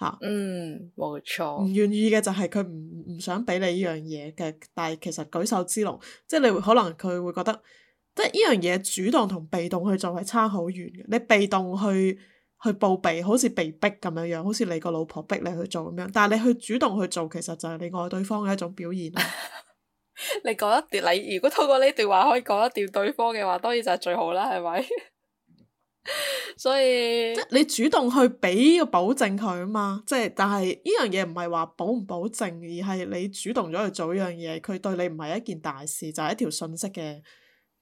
嚇。啊、嗯，冇錯。唔願意嘅就係佢唔唔想俾你呢樣嘢嘅，但係其實舉手之勞，即係你可能佢會覺得。即係呢樣嘢主動同被動去做係差好遠嘅。你被動去去報備，好似被逼咁樣樣，好似你個老婆逼你去做咁樣。但係你去主動去做，其實就係你愛對方嘅一種表現 你覺得你，如果通過呢段話可以講得掉對方嘅話，當然就係最好啦，係咪？ 所以即係你主動去俾個保證佢啊嘛，即係但係呢樣嘢唔係話保唔保證，而係你主動咗去做呢樣嘢，佢對你唔係一件大事，就係一條信息嘅。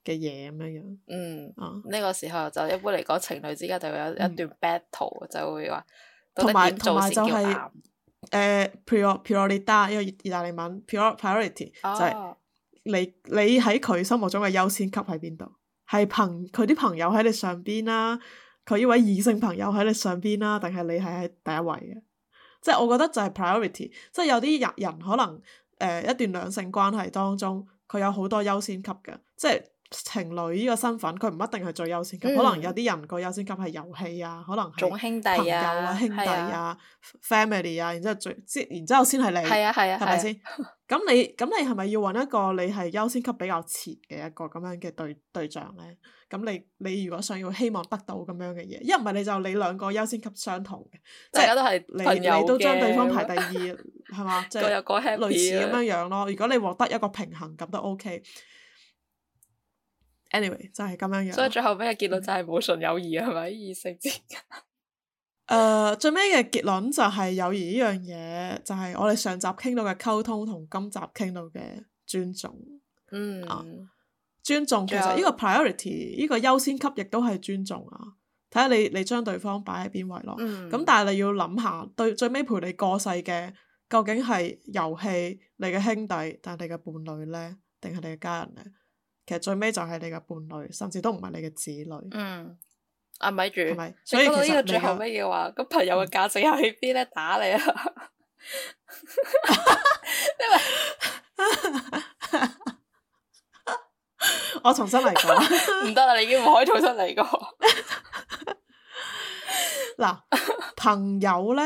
嘅嘢咁樣樣，嗯，呢、啊、個時候就一般嚟講，情侶之間就會有一段 battle、嗯、就會話同埋同埋就係誒 priority priority，因為意大利文 prior, priority、哦、就係、是、你你喺佢心目中嘅優先級喺邊度？係朋佢啲朋友喺你上邊啦、啊，佢呢位異性朋友喺你上邊啦、啊，定係你係喺第一位嘅？即、就、係、是、我覺得就係 priority，即係有啲人可能誒、呃、一段兩性關係當中，佢有好多優先級嘅，即、就、係、是。情侶呢個身份，佢唔一定係最優先級，嗯、可能有啲人個優先級係遊戲啊，可能係朋友啊、兄弟啊、啊 family 啊，然之後最，即然之後先係你，係啊係啊，係咪先？咁、啊、你咁你係咪要揾一個你係優先級比較前嘅一個咁樣嘅對對，對象呢？咁你你如果想要希望得到咁樣嘅嘢，一唔係你就你兩個優先級相同嘅，即係大家都係朋友你你都將對方排第二，係嘛哈？即係各類似咁樣樣咯。如果你獲得一個平衡咁都 OK。Anyway，就係咁樣樣。所以最後尾嘅結論就係冇純友誼係咪異性之間？誒，最尾嘅結論就係友誼呢樣嘢，就係、是、我哋上集傾到嘅溝通，同今集傾到嘅尊重。嗯。Uh, 尊重其實呢個 priority，呢個優先級亦都係尊重啊。睇下你你將對方擺喺邊位咯。咁、嗯、但係你要諗下，對最尾陪你過世嘅，究竟係遊戲你嘅兄弟，但係你嘅伴侶呢，定係你嘅家人呢？其實最尾就係你嘅伴侶，甚至都唔係你嘅子女。嗯，阿咪住，是是所以呢個最後尾嘅話，咁 朋友嘅價值又喺邊咧？打你啊！因為我重新嚟講，唔得啦，你已經唔可以重新嚟過。嗱，朋友咧，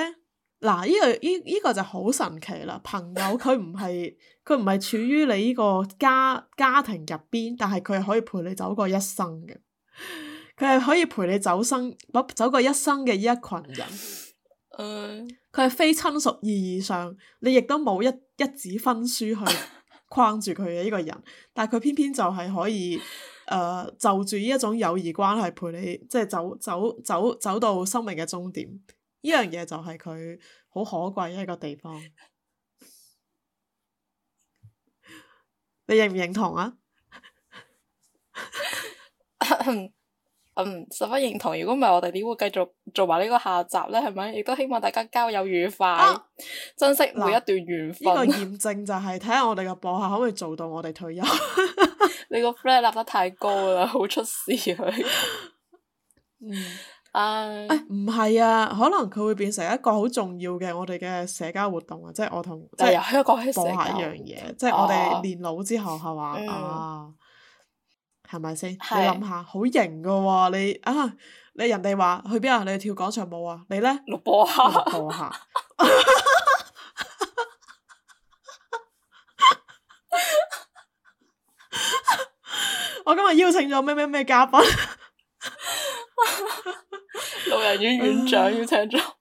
嗱，呢、這個呢呢、這個這個就好神奇啦。朋友佢唔係。 佢唔係處於你呢個家家庭入邊，但係佢係可以陪你走過一生嘅，佢係可以陪你走生走過一生嘅呢一群人。佢係非親屬意義上，你亦都冇一一紙婚書去框住佢嘅呢個人，但係佢偏偏就係可以，誒、呃、就住呢一種友誼關係陪你，即係走走走走到生命嘅終點。呢樣嘢就係佢好可貴一個地方。你認唔認同啊？嗯， um, um, 十分認同。如果唔係，我哋點會繼續做埋呢個下集呢？係咪？亦都希望大家交友愉快，啊、珍惜每一段緣分。呢、這個驗證就係睇下我哋個播客可唔可以做到我哋退休。 你個 friend 立得太高啦，好 出事佢，啊。 唉，唔係、uh, 欸、啊，可能佢會變成一個好重要嘅我哋嘅社交活動啊，即係我同即係播一下一樣嘢，啊、即係我哋年老之後係嘛、嗯、啊，係咪先？你諗下，好型噶喎，你啊，你人哋話去邊啊？你去跳廣場舞啊？你呢？錄播客、嗯，錄播客。我今日邀請咗咩咩咩嘉賓。要院長要請咗？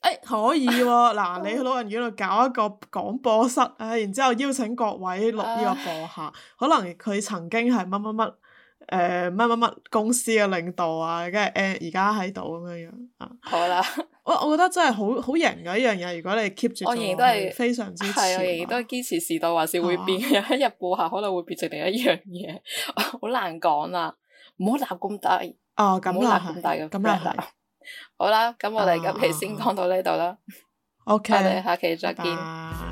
哎、可以喎，啊，嗱你去老人院度搞一個廣播室，誒然之後邀請各位錄呢個播客，啊、可能佢曾經係乜乜乜，乜乜乜公司嘅領導啊，跟住誒而家喺度咁樣樣好啦，我我覺得真係好好型嘅一樣嘢，如果你 keep 住，我而都係非常支持，係啊，都係堅持，時代還是會變，啊、有一日播客可能會變成另一樣嘢， 好難講啊，唔好立咁低。哦，咁啦，咁大嘅幅度是 好啦，咁我哋今期先講到呢度啦，OK，我哋下期再見。Bye bye